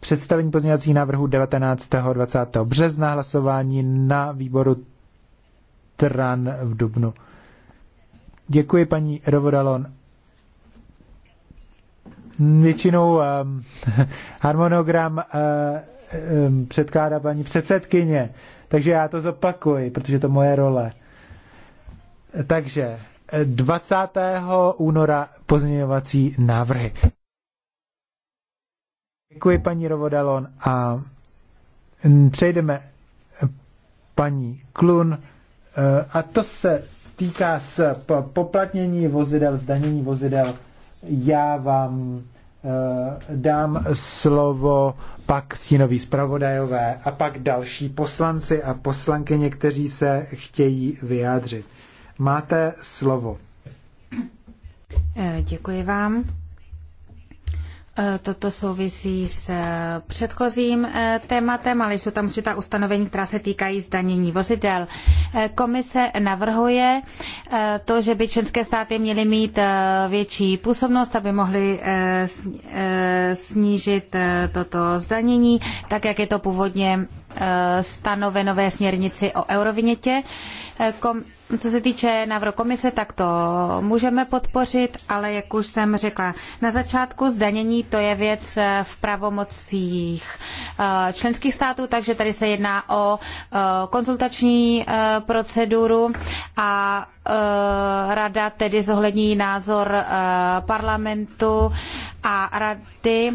představení pozměňovací návrhu 19. 20. března, hlasování na výboru TRAN v Dubnu. Děkuji paní Rovodalon. Většinou um, harmonogram uh, um, předkládá paní předsedkyně, takže já to zopakuji, protože to moje role. Takže 20. února pozměňovací návrhy. Děkuji paní Rovodalon a přejdeme paní Klun eh, a to se týká s poplatnění vozidel, zdanění vozidel. Já vám eh, dám slovo pak stínový zpravodajové a pak další poslanci a poslankyně, kteří se chtějí vyjádřit. Máte slovo. Eh, děkuji vám. Eh, toto souvisí s eh, předchozím tématem, ale jsou tam určitá ustanovení, která se týkají zdanění vozidel. Komise navrhuje to, že by členské státy měly mít větší působnost, aby mohly snížit toto zdanění, tak jak je to původně stanoveno ve směrnici o eurovinětě. Co se týče návrhu komise, tak to můžeme podpořit, ale jak už jsem řekla, na začátku zdanění to je věc eh, v pravomocích eh, členských států, takže tady se jedná o eh, konzultační proceduru a rada tedy zohlední názor parlamentu a rady,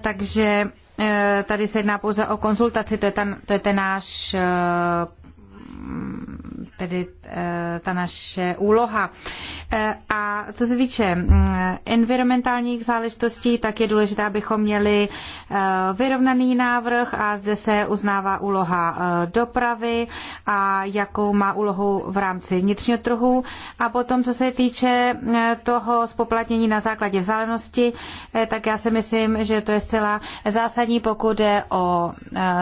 takže tady se jedná pouze o konzultaci, to je ten, to je ten náš tedy eh, ta naše úloha. Eh, a co se týče mm, environmentálních záležitostí, tak je důležité, abychom měli eh, vyrovnaný návrh a zde se uznává úloha dopravy a jakou má úlohu v rámci vnitřního trhu. A potom, co se týče toho spoplatnění na základě vzdálenosti, tak já si myslím, že to je zcela zásadní, pokud jde o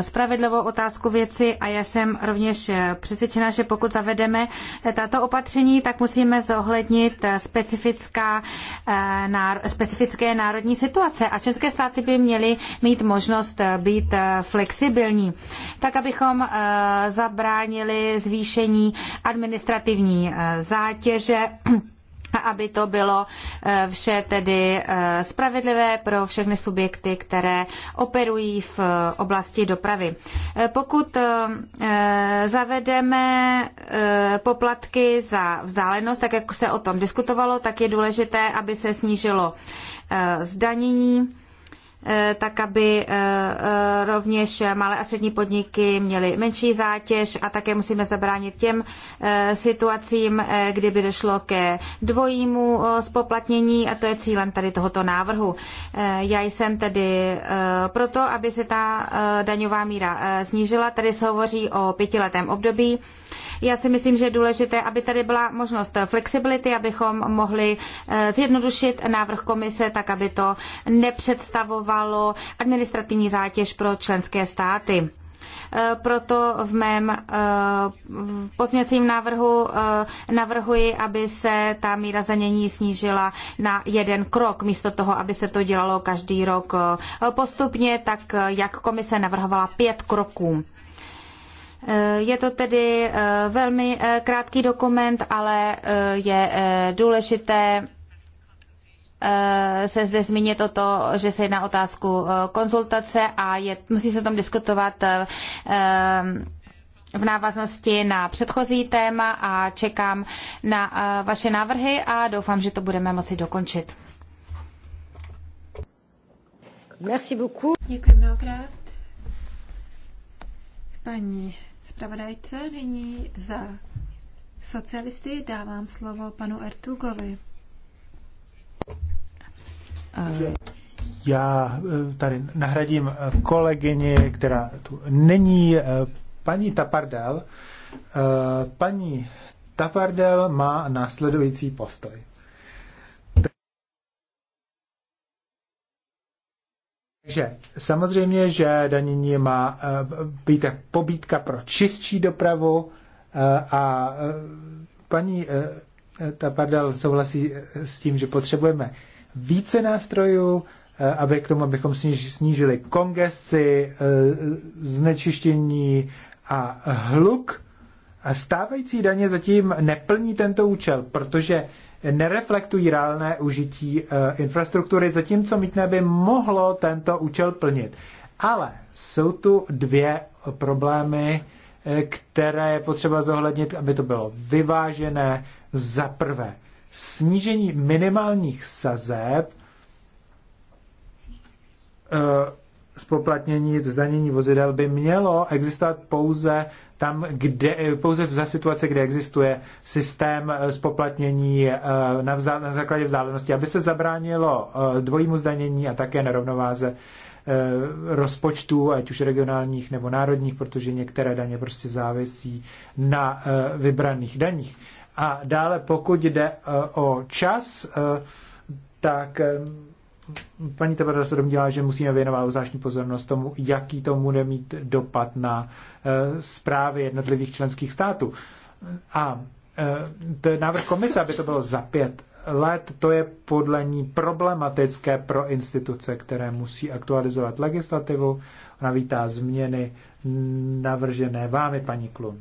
spravedlivou otázku věci a já jsem rovněž přesvědčena, že pokud zavedeme tato opatření, tak musíme zohlednit specifická, eh, specifické národní situace a české státy by měly mít možnost eh, být eh, flexibilní, tak abychom zabránili zvýšení administrativní zátěže, aby to bylo eh, vše tedy eh, spravedlivé pro všechny subjekty, které operují v eh, oblasti dopravy. Pokud zavedeme poplatky za vzdálenost, tak jak se o tom diskutovalo, tak je důležité, aby se snížilo zdanění Eh, tak aby eh, eh, rovněž malé a střední podniky měly menší zátěž a také musíme zabránit těm situacím, kdyby došlo ke dvojímu spoplatnění a to je cílem tady tohoto návrhu. Já jsem tedy proto, aby se ta daňová míra snížila. Tady se hovoří o pětiletém období. Já si myslím, že je důležité, aby tady byla možnost flexibility, abychom mohli zjednodušit návrh komise tak, aby to nepředstavovalo snižovalo administrativní zátěž pro členské státy. E, proto v mém e, pozměňovacím návrhu e, navrhuji, aby se ta míra zanění snížila na jeden krok, místo toho, aby se to dělalo každý rok postupně, tak jak komise navrhovala pět kroků. Je to tedy velmi krátký dokument, ale je důležité Eh, se zde zmínit o to, že se jedná otázku eh, konzultace a je, musí se o tom diskutovat eh, v návaznosti na předchozí téma a čekám na vaše návrhy a doufám, že to budeme moci dokončit. Merci beaucoup. Děkuji mnohokrát. Paní zpravodajce, nyní za socialisty dávám slovo panu Ertugovi. Já eh, tady nahradím eh, kolegyni, která tu není, eh, paní Tapardel. Paní Tapardel má následující postoj. Takže samozřejmě, že danění má být pobítka pro čistší dopravu a paní Tapardel souhlasí s tím, že potřebujeme více nástrojů, eh, aby k tomu, abychom snížili kongesci, eh, znečištění a hluk. A stávající daně zatím neplní tento účel, protože nereflektují reálné užití eh, infrastruktury, zatímco mítné by mohlo tento účel plnit. Ale jsou tu dvě problémy, které je potřeba zohlednit, aby to bylo vyvážené. Za prvé, snížení minimálních sazeb eh, spoplatnění zdanění vozidel by mělo existovat pouze tam, kde, pouze za situace, kde existuje systém eh, spoplatnění eh, na, vzdál, na základě vzdálenosti, aby se zabránilo dvojímu zdanění a také nerovnováze rozpočtů, ať už regionálních nebo národních, protože některé daně prostě závisí na vybraných daních. A dále, pokud jde e, o čas, e, tak e, paní Tebada se domnívá, že musíme věnovat zvláštní pozornost tomu, jaký to bude mít dopad na zprávy jednotlivých členských států. A je návrh komise, aby to bylo za pět let, to je podle ní problematické pro instituce, které musí aktualizovat legislativu. Ona vítá změny navržené vámi, paní Klun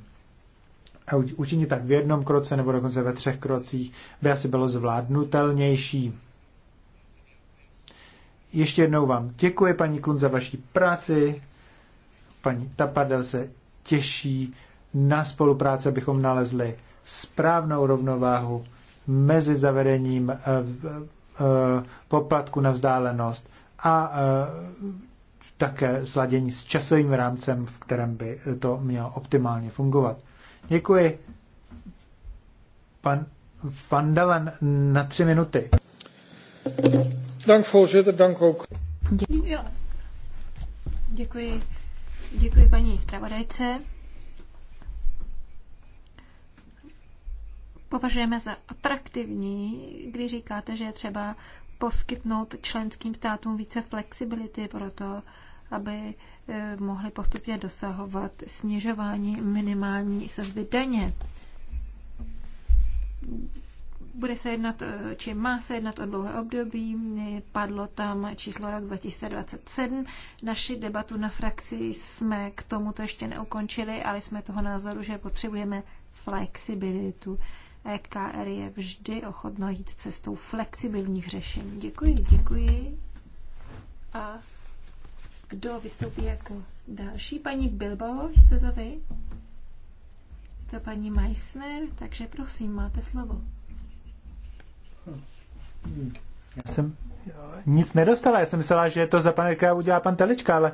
a učinit tak v jednom kroce nebo dokonce ve třech krocích by asi bylo zvládnutelnější. Ještě jednou vám děkuji, paní Klun, za vaší práci. Paní Tapardel se těší na spolupráci, abychom nalezli správnou rovnováhu mezi zavedením eh, eh, poplatku na vzdálenost a eh, také sladění s časovým rámcem, v kterém by to mělo optimálně fungovat. Děkuji. Pan Vandalen na tři minuty. Dank voorzitter, dank ook. Děkuji. Děkuji, Děkuji paní zpravodajce. Považujeme za atraktivní, když říkáte, že je třeba poskytnout členským státům více flexibility pro to, aby Eh, mohli postupně dosahovat snižování minimální sazby daně. Bude se jednat, eh, či má se jednat o dlouhé období, eh, padlo tam číslo rok 2027. Naši debatu na frakci jsme k tomuto ještě neukončili, ale jsme toho názoru, že potřebujeme flexibilitu. EKR je vždy ochotno jít cestou flexibilních řešení. Děkuji, děkuji. A kdo vystoupí jako další? Paní Bilbao, jste to vy? Je to paní Meissner, takže prosím, máte slovo. Já jsem nic nedostala, já jsem myslela, že to za panerka udělá pan Telička, ale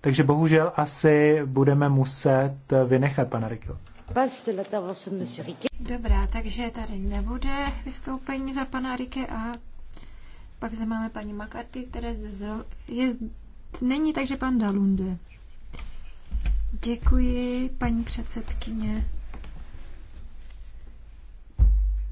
takže bohužel asi budeme muset vynechat pana Rikyho. Dobrá, takže tady nebude vystoupení za pana Rike a pak zde máme paní Makarty, které zde zro... je... není, takže pan Dalunde. Děkuji, paní předsedkyně.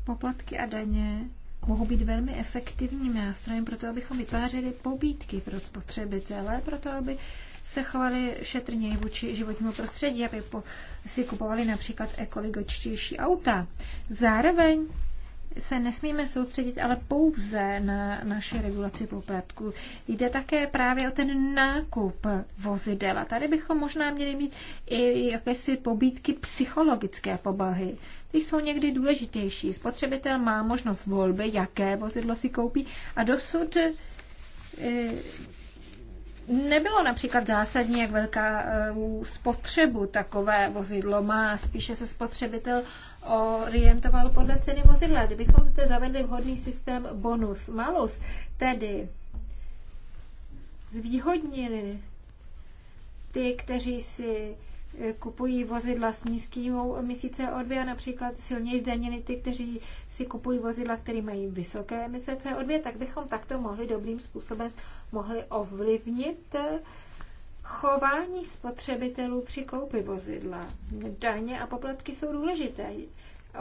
Poplatky a daně mohou být velmi efektivním nástrojem pro to, abychom vytvářeli pobídky pro spotřebitele, pro to, aby se chovali šetrněji vůči životnímu prostředí, aby po, si kupovali například ekologičtější auta. Zároveň se nesmíme soustředit ale pouze na naši regulaci poplatku. Jde také právě o ten nákup vozidel. A tady bychom možná měli mít i jakési pobídky psychologické pobahy. Ty jsou někdy důležitější. Spotřebitel má možnost volby, jaké vozidlo si koupí a dosud eh, nebylo například zásadní, jak velká eh, spotřebu takové vozidlo má. Spíše se spotřebitel orientoval podle ceny vozidla. Kdybychom zde zavedli vhodný systém bonus malus, tedy zvýhodnili ty, kteří si eh, kupují vozidla s nízkým emisí CO2 a například silněji zdaněny ty, kteří si kupují vozidla, které mají vysoké emise CO2, tak bychom takto mohli dobrým způsobem mohly ovlivnit chování spotřebitelů při koupi vozidla. Daně a poplatky jsou důležité.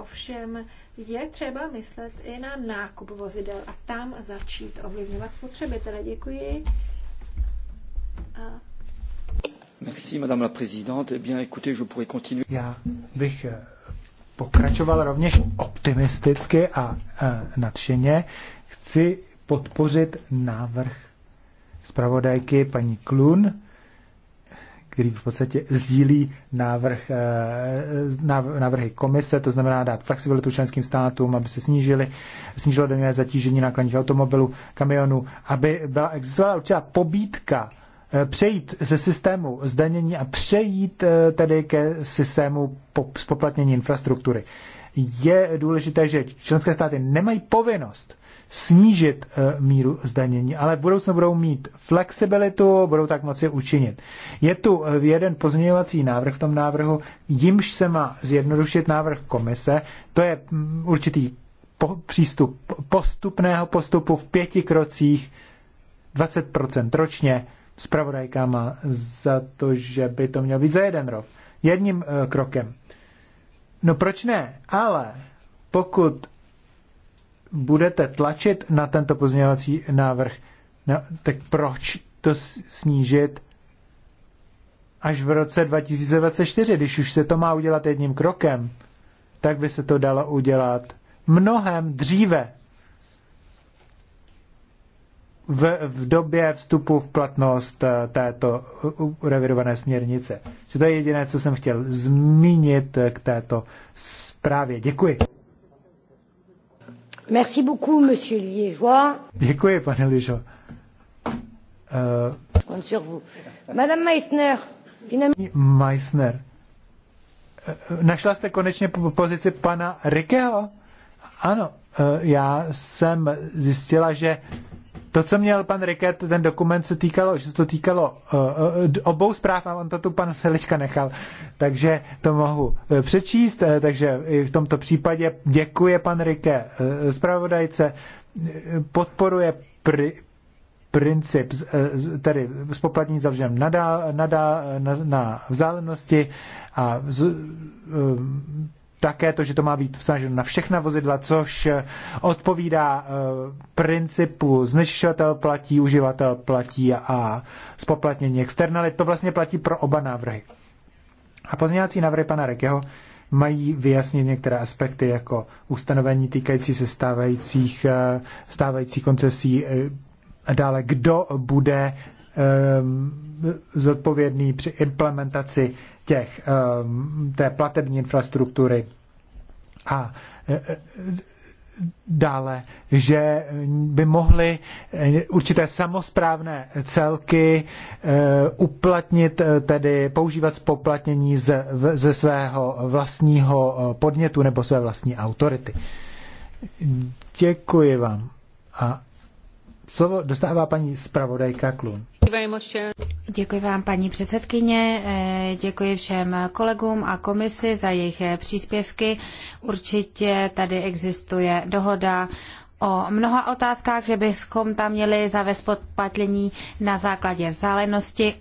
Ovšem je třeba myslet i na nákup vozidel a tam začít ovlivňovat spotřebitele. Děkuji. A... Merci, madame la présidente. Eh bien, écoutez, je pourrais continuer. Já bych eh, pokračoval rovněž optimisticky a eh, nadšeně. Chci podpořit návrh zpravodajky paní Klun, který v podstatě sdílí eh, návrh, návrhy komise, to znamená dát flexibilitu členským státům, aby se snížili, snížilo denné zatížení nákladních automobilů, kamionů, aby byla existovala určitá pobítka eh, přejít ze systému zdanění a přejít eh, tedy ke systému spoplatnění infrastruktury. Je důležité, že členské státy nemají povinnost snížit eh, míru zdanění, ale v budoucnu budou mít flexibilitu, budou tak moci učinit. Je tu eh, jeden pozměňovací návrh v tom návrhu, jimž se má zjednodušit návrh komise, to je mm, určitý po, přístup postupného postupu v pěti krocích, 20% ročně. s má za to, že by to mělo být za jeden rok. Jedním eh, krokem. No proč ne? Ale pokud budete tlačit na tento pozměňovací návrh, no, tak proč to snížit až v roce 2024, když už se to má udělat jedním krokem, tak by se to dalo udělat mnohem dříve v, v době vstupu v platnost eh, této revidované směrnice. Že to je jediné, co jsem chtěl zmínit eh, k této zprávě. Děkuji. Merci beaucoup, monsieur Liégeois. Děkuji, pane Ližo. Uh, Compte sur vous. Madame Meissner, finalement... Meissner, eh, našla jste konečně pozici pana Rikeho? Ano, eh, já jsem zjistila, že to, co měl pan Riket, ten dokument se týkalo, že se to týkalo eh, eh, obou zpráv a on to tu pan Felička nechal. Takže to mohu eh, přečíst, takže i v tomto případě děkuje pan Rike zpravodajce, podporuje pri, princip, tedy spoplatní zavřem na, dál, na, na, vzdálenosti a z, také to, že to má být vsaženo na všechna vozidla, což eh, odpovídá eh, principu znečišťovatel platí, uživatel platí a spoplatnění externality. To vlastně platí pro oba návrhy. A pozměňovací návrhy pana Rekeho mají vyjasnit některé aspekty, jako ustanovení týkající se stávajících, eh, stávajících koncesí a dále, kdo bude zodpovědný při implementaci těch, ehm, té platební infrastruktury a e, e, dále, že by mohly e, určité samozprávné celky uplatnit, tedy používat spoplatnění ze, ze svého vlastního podnětu nebo své vlastní autority. Děkuji vám. A Slovo dostává paní zpravodajka Klun. Děkuji vám, paní předsedkyně, eh, děkuji všem kolegům a komisi za jejich příspěvky. Určitě tady existuje dohoda o mnoha otázkách, že bychom tam měli zavést podpatlení na základě vzdálenosti.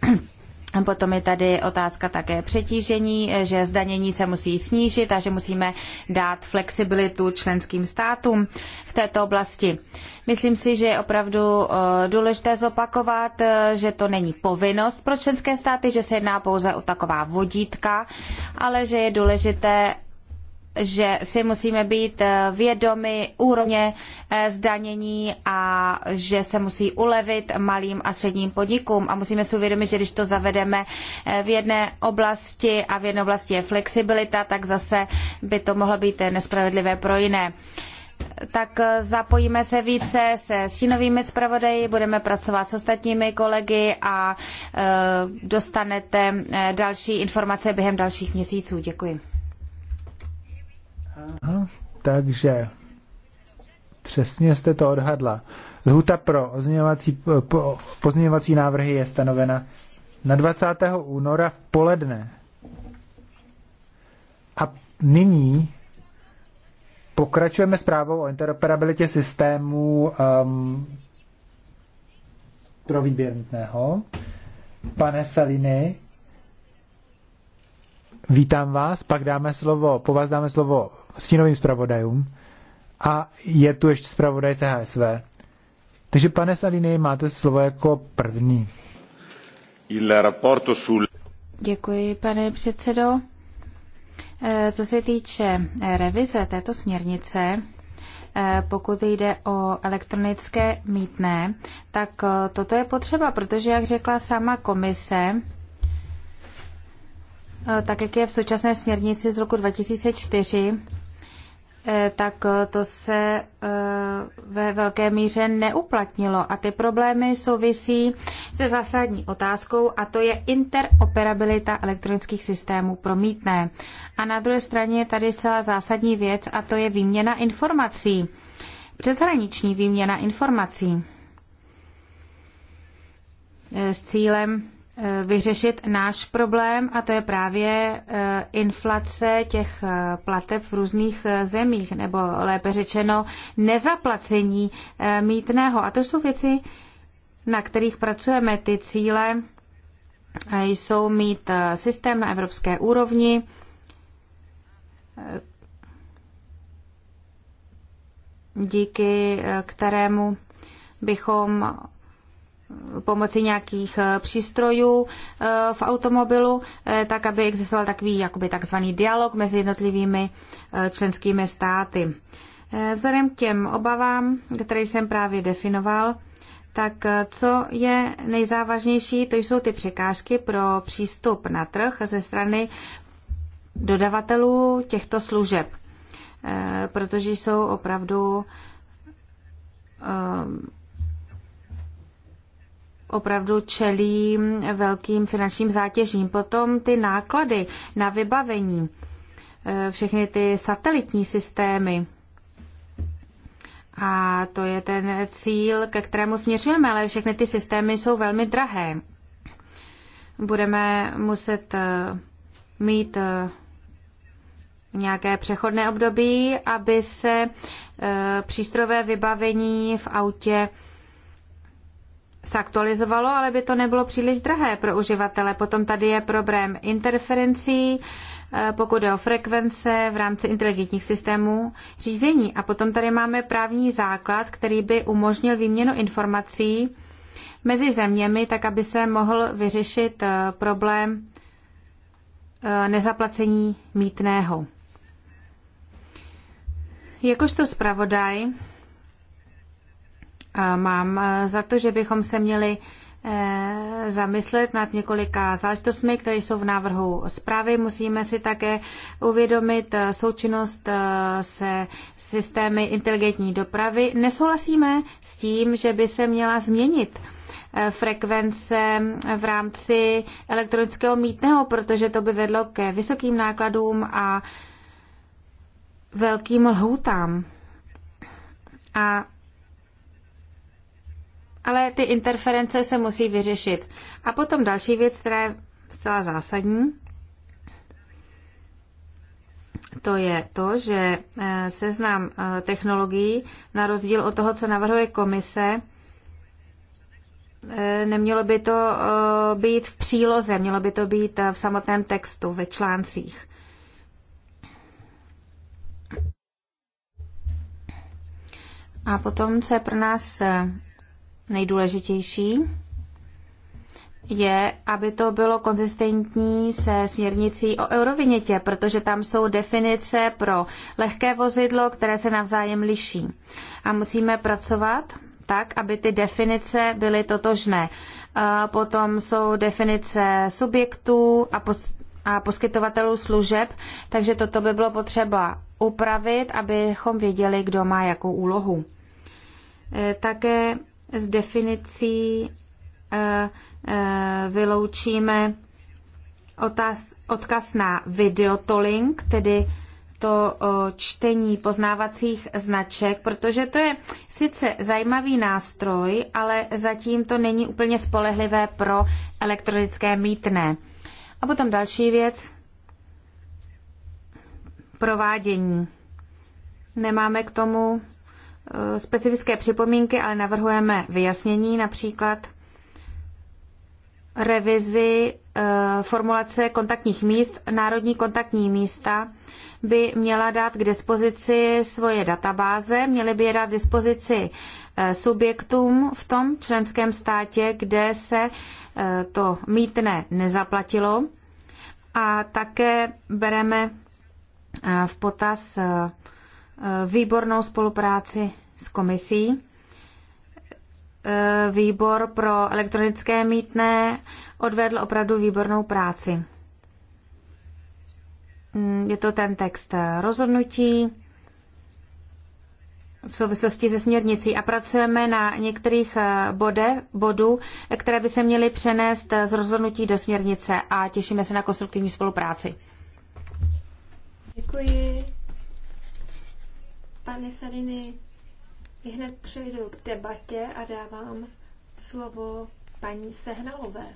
Potom je tady otázka také přetížení, že zdanění se musí snížit a že musíme dát flexibilitu členským státům v této oblasti. Myslím si, že je opravdu eh, důležité zopakovat, eh, že to není povinnost pro členské státy, že se jedná pouze o taková vodítka, ale že je důležité že si musíme být eh, vědomi úrovně eh, zdanění a že se musí ulevit malým a středním podnikům. A musíme si uvědomit, že když to zavedeme eh, v jedné oblasti a v jedné oblasti je flexibilita, tak zase by to mohlo být nespravedlivé pro jiné tak zapojíme se více se stínovými zpravodaji, budeme pracovat s ostatními kolegy a dostanete další informace během dalších měsíců. Děkuji. Aha, takže přesně jste to odhadla. Lhuta pro pozměňovací návrhy je stanovena na 20. února v poledne. A nyní pokračujeme s právou o interoperabilitě systému um, pro výběr mítného. Pane Saliny, vítám vás, pak dáme slovo, po vás dáme slovo stínovým zpravodajům a je tu ještě zpravodaj CHSV. E Takže pane Salini, máte slovo jako první. Děkuji, pane předsedo. Eh, co se týče eh, revize této směrnice, eh, pokud jde o elektronické mítné, tak toto je potřeba, protože, jak řekla sama komise, Eh, tak jak je v současné směrnici z roku 2004, eh, tak eh, to se ve velké míře neuplatnilo. A ty problémy souvisí se zásadní otázkou, a to je interoperabilita elektronických systémů pro mítné. A na druhé straně je tady celá zásadní věc, a to je výměna informací. Přeshraniční výměna informací s cílem vyřešit náš problém a to je právě eh, inflace těch eh, plateb v různých eh, zemích, nebo lépe řečeno nezaplacení mítného. A to jsou věci, na kterých pracujeme. Ty cíle jsou mít systém na evropské úrovni, díky kterému bychom pomocí nějakých eh, přístrojů eh, v automobilu, eh, tak aby existoval takový jakoby takzvaný dialog mezi jednotlivými členskými státy. Vzhledem k těm obavám, které jsem právě definoval, tak co je nejzávažnější, to jsou ty překážky pro přístup na trh ze strany dodavatelů těchto služeb, protože jsou opravdu opravdu čelí velkým finančním zátěžím. Potom ty náklady na vybavení, eh, všechny ty satelitní systémy. A to je ten cíl, ke kterému směřujeme, ale všechny ty systémy jsou velmi drahé. Budeme muset eh, mít eh, nějaké přechodné období, aby se přístrojové vybavení v autě se aktualizovalo, ale by to nebylo příliš drahé pro uživatele. Potom tady je problém interferencí, eh, pokud je o frekvence v rámci inteligentních systémů řízení. A potom tady máme právní základ, který by umožnil výměnu informací mezi zeměmi, tak aby se mohl vyřešit eh, problém eh, nezaplacení mítného. Jakožto zpravodaj Mám eh, za to, že bychom se měli eh, zamyslet nad několika záležitostmi, které jsou v návrhu zprávy. Musíme si také uvědomit eh, součinnost se systémy inteligentní dopravy. Nesouhlasíme s tím, že by se měla změnit frekvence v rámci elektronického mítného, protože to by vedlo ke vysokým nákladům a velkým lhoutám. A ale ty interference se musí vyřešit. A potom další věc, která je zcela zásadní, to je to, že eh, seznam eh, technologií, na rozdíl od toho, co navrhuje komise, eh, nemělo by to být v příloze, mělo by to být v samotném textu, ve článcích. A potom, co je pro nás nejdůležitější, je, aby to bylo konzistentní se směrnicí o eurovinětě, protože tam jsou definice pro lehké vozidlo, které se navzájem liší. A musíme pracovat tak, aby ty definice byly totožné. Potom jsou definice subjektů a, pos- a poskytovatelů služeb, takže toto by bylo potřeba upravit, abychom věděli, kdo má jakou úlohu. E, také z definicí eh, eh, vyloučíme otáz, odkaz na videotolink, tedy to eh, čtení poznávacích značek, protože to je sice zajímavý nástroj, ale zatím to není úplně spolehlivé pro elektronické mítné. A potom další věc, provádění. Nemáme k tomu Eh, specifické připomínky, ale navrhujeme vyjasnění, například revizi eh, formulace kontaktních míst. Národní kontaktní místa by měla dát k dispozici svoje databáze, měly by je dát k dispozici eh, subjektům v tom členském státě, kde se to mítné nezaplatilo. A také bereme v potaz výbornou spolupráci s komisí. Eh, výbor pro elektronické mítné odvedl opravdu výbornou práci. Mm, je to ten text rozhodnutí v souvislosti se směrnicí a pracujeme na některých eh, bode, bodů, které by se měly přenést z rozhodnutí do směrnice a těšíme se na konstruktivní spolupráci. Děkuji. Pane Saliny, hned přejdu k debatě a dávám slovo paní Sehnalové.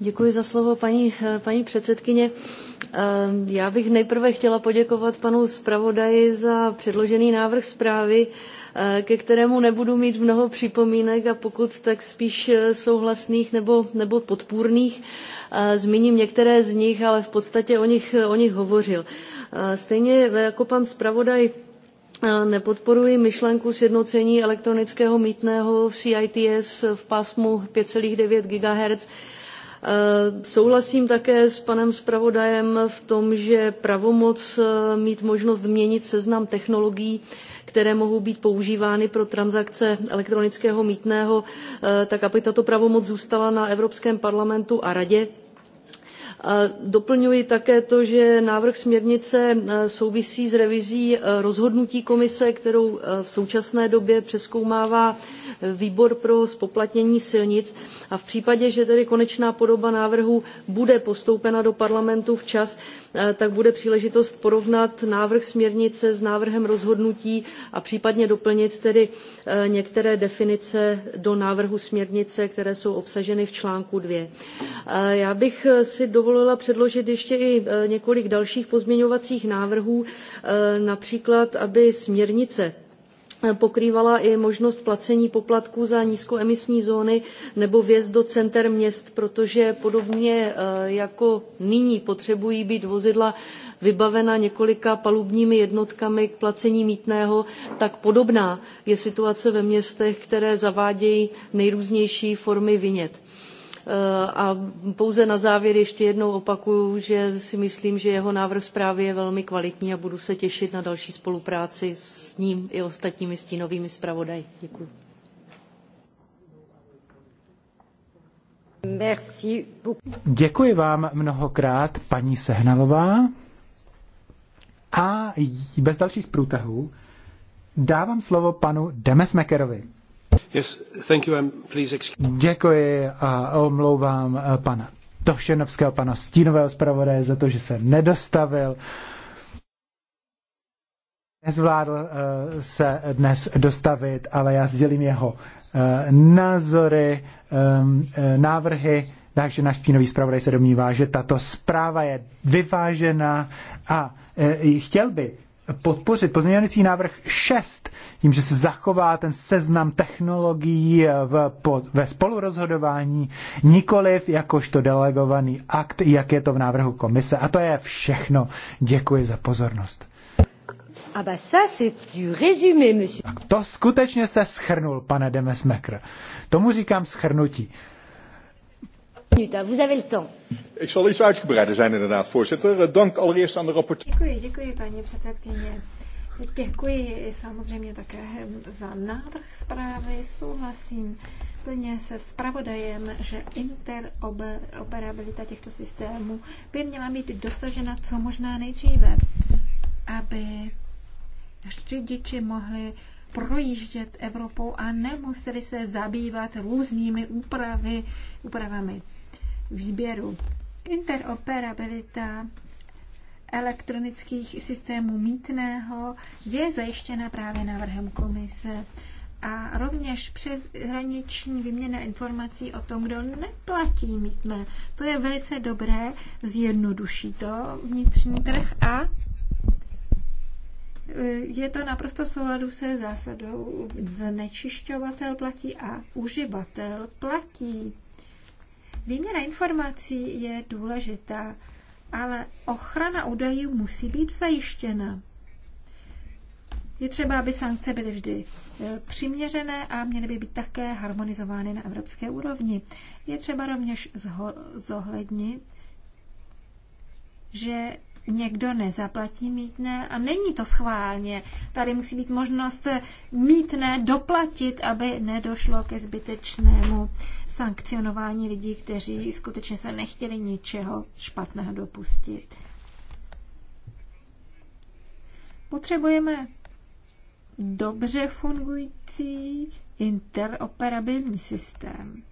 Děkuji za slovo, paní, paní předsedkyně. Eh, já bych nejprve chtěla poděkovat panu zpravodaji za předložený návrh zprávy, eh, ke kterému nebudu mít mnoho připomínek a pokud tak spíš eh, souhlasných nebo, nebo podpůrných. Zmíním některé z nich, ale v podstatě o nich, o nich hovořil. Stejně jako pan zpravodaj nepodporuji myšlenku sjednocení elektronického mítného CITS v pásmu 5,9 GHz. Souhlasím také s panem zpravodajem v tom, že pravomoc mít možnost měnit seznam technologií, které mohou být používány pro transakce elektronického mítného, tak aby tato pravomoc zůstala na Evropském parlamentu a radě Doplňuji také to, že návrh směrnice e, souvisí s revizí e, rozhodnutí komise, kterou e, v současné době přeskoumává výbor pro spoplatnění silnic a v případě, že tedy konečná podoba návrhu bude postoupena do parlamentu včas, tak bude příležitost porovnat návrh směrnice s návrhem rozhodnutí a případně doplnit tedy některé definice do návrhu směrnice, které jsou obsaženy v článku 2. Já bych si dovolila dovolila předložit ještě i e, několik dalších pozměňovacích návrhů, e, například, aby směrnice e, pokrývala i možnost placení poplatků za nízkoemisní zóny nebo vjezd do center měst, protože podobně jako nyní potřebují být vozidla vybavena několika palubními jednotkami k placení mítného, tak podobná je situace ve městech, které zavádějí nejrůznější formy vinět. Eh, a pouze na závěr ještě jednou opakuju, že si myslím, že jeho návrh zprávy je velmi kvalitní a budu se těšit na další spolupráci s ním i ostatními stínovými zpravodaji. Děkuji. Děkuji vám mnohokrát, paní Sehnalová. A bez dalších průtahů dávám slovo panu Demesmekerovi. Děkuji a omlouvám eh, pana Tošenovského, pana Stínového zpravodaje za to, že se nedostavil. Nezvládl eh, se dnes dostavit, ale já sdělím jeho eh, názory, ehm, návrhy, takže náš stínový zpravodaj se domnívá, že tato zpráva je vyvážená a chtěl by podpořit pozměňovací návrh 6, tím, že se zachová ten seznam technologií v, po, ve spolurozhodování, nikoliv jakožto delegovaný akt, jak je to v návrhu komise. A to je všechno. Děkuji za pozornost. A ah bah ça, du résumé, monsieur. Tak to skutečně jste schrnul, pane Demesmekr. Tomu říkám schrnutí minutes. Vous avez le temps. Ik zal iets uitgebreider zijn inderdaad, voorzitter. Eh, dank allereerst aan de rapporteur. Děkuji, děkuji, paní předsedkyně. Děkuji samozřejmě také za návrh zprávy. Souhlasím plně se spravodajem, že interoperabilita těchto systémů by měla být dosažena co možná nejdříve, aby řidiči mohli projíždět Evropou a nemuseli se zabývat různými úpravy, úpravami výběru. Interoperabilita elektronických systémů mítného je zajištěna právě návrhem komise a rovněž přeshraniční výměna informací o tom, kdo neplatí mítné. To je velice dobré, zjednoduší to vnitřní trh a e, je to naprosto souladu se zásadou znečišťovatel platí a uživatel platí. Výměna informací je důležitá, ale ochrana údajů musí být zajištěna. Je třeba, aby sankce byly vždy e, přiměřené a měly by být také harmonizovány na evropské úrovni. Je třeba rovněž zohlednit, že někdo nezaplatí mítné a není to schválně. Tady musí být možnost mítné doplatit, aby nedošlo ke zbytečnému sankcionování lidí, kteří skutečně se nechtěli ničeho špatného dopustit. Potřebujeme dobře fungující interoperabilní systém.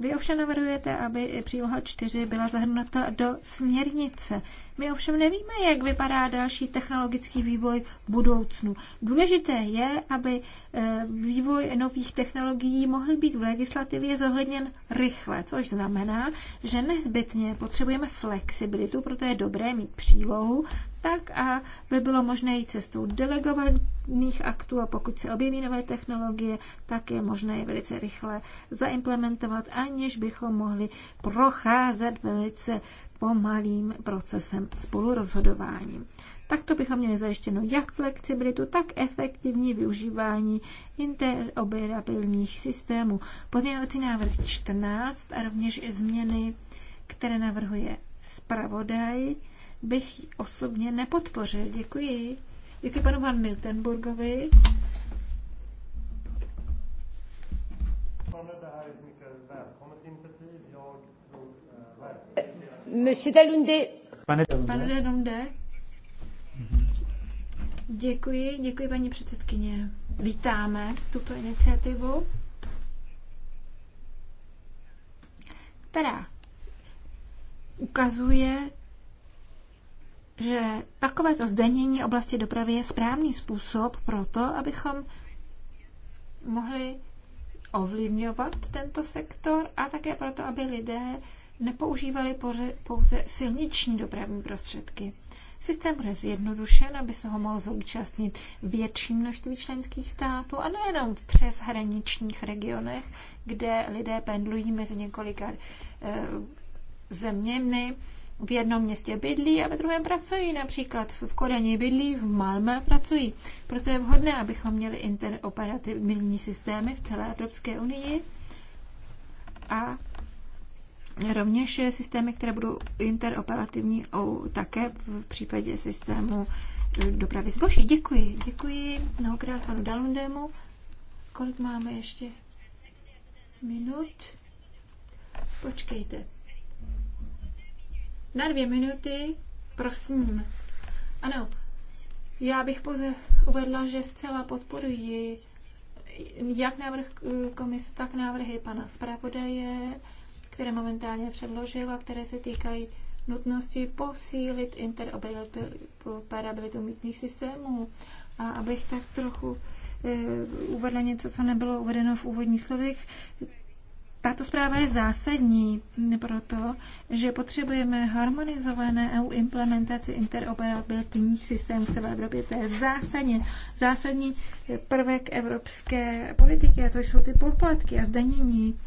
Vy ovšem navrhujete, aby příloha 4 byla zahrnuta do směrnice. My ovšem nevíme, jak vypadá další technologický vývoj v budoucnu. Důležité je, aby eh, vývoj nových technologií mohl být v legislativě zohledněn rychle, což znamená, že nezbytně potřebujeme flexibilitu, proto je dobré mít přílohu, tak, a by bylo možné jít cestou delegovaných aktů a pokud se objeví nové technologie, tak je možné je velice rychle zaimplementovat, aniž bychom mohli procházet velice pomalým procesem spolurozhodování. Takto bychom měli zajištěno jak flexibilitu, tak efektivní využívání interoperabilních systémů. Pozměňovací návrh 14 a rovněž změny, které navrhuje zpravodaj, bych osobně nepodpořil. Děkuji. Děkuji panu Van Miltenburgovi. Monsieur Dalunde. Pane Dalunde. Děkuji, děkuji paní předsedkyně. Vítáme tuto iniciativu, která ukazuje že takovéto zdenění oblasti dopravy je správný způsob pro to, abychom mohli ovlivňovat tento sektor a také proto, aby lidé nepoužívali pouze silniční dopravní prostředky. Systém bude zjednodušen, aby se ho mohl zúčastnit větší množství členských států a nejenom v přeshraničních regionech, kde lidé pendlují mezi několika eh, zeměmi, v jednom městě bydlí a ve druhém pracují. Například v Kodani bydlí, v Malmö pracují. Proto je vhodné, abychom měli interoperativní systémy v celé Evropské unii a rovněž systémy, které budou interoperativní také v případě systému eh, dopravy zboží. Děkuji. Děkuji mnohokrát panu Dalundému. Kolik máme ještě minut? Počkejte. Na dvě minuty, prosím. Ano, já bych pouze uvedla, že zcela podporuji jak návrh komise, tak návrhy pana zpravodaje, které momentálně předložil a které se týkají nutnosti posílit interoperabilitu mítných systémů. A abych tak trochu eh, uvedla něco, co nebylo uvedeno v úvodních slovech, tato zpráva je zásadní proto, že potřebujeme harmonizované EU implementaci interoperabilitních systémů v celé Evropě. To je zásadně, zásadní prvek evropské politiky a to jsou ty poplatky a zdanění.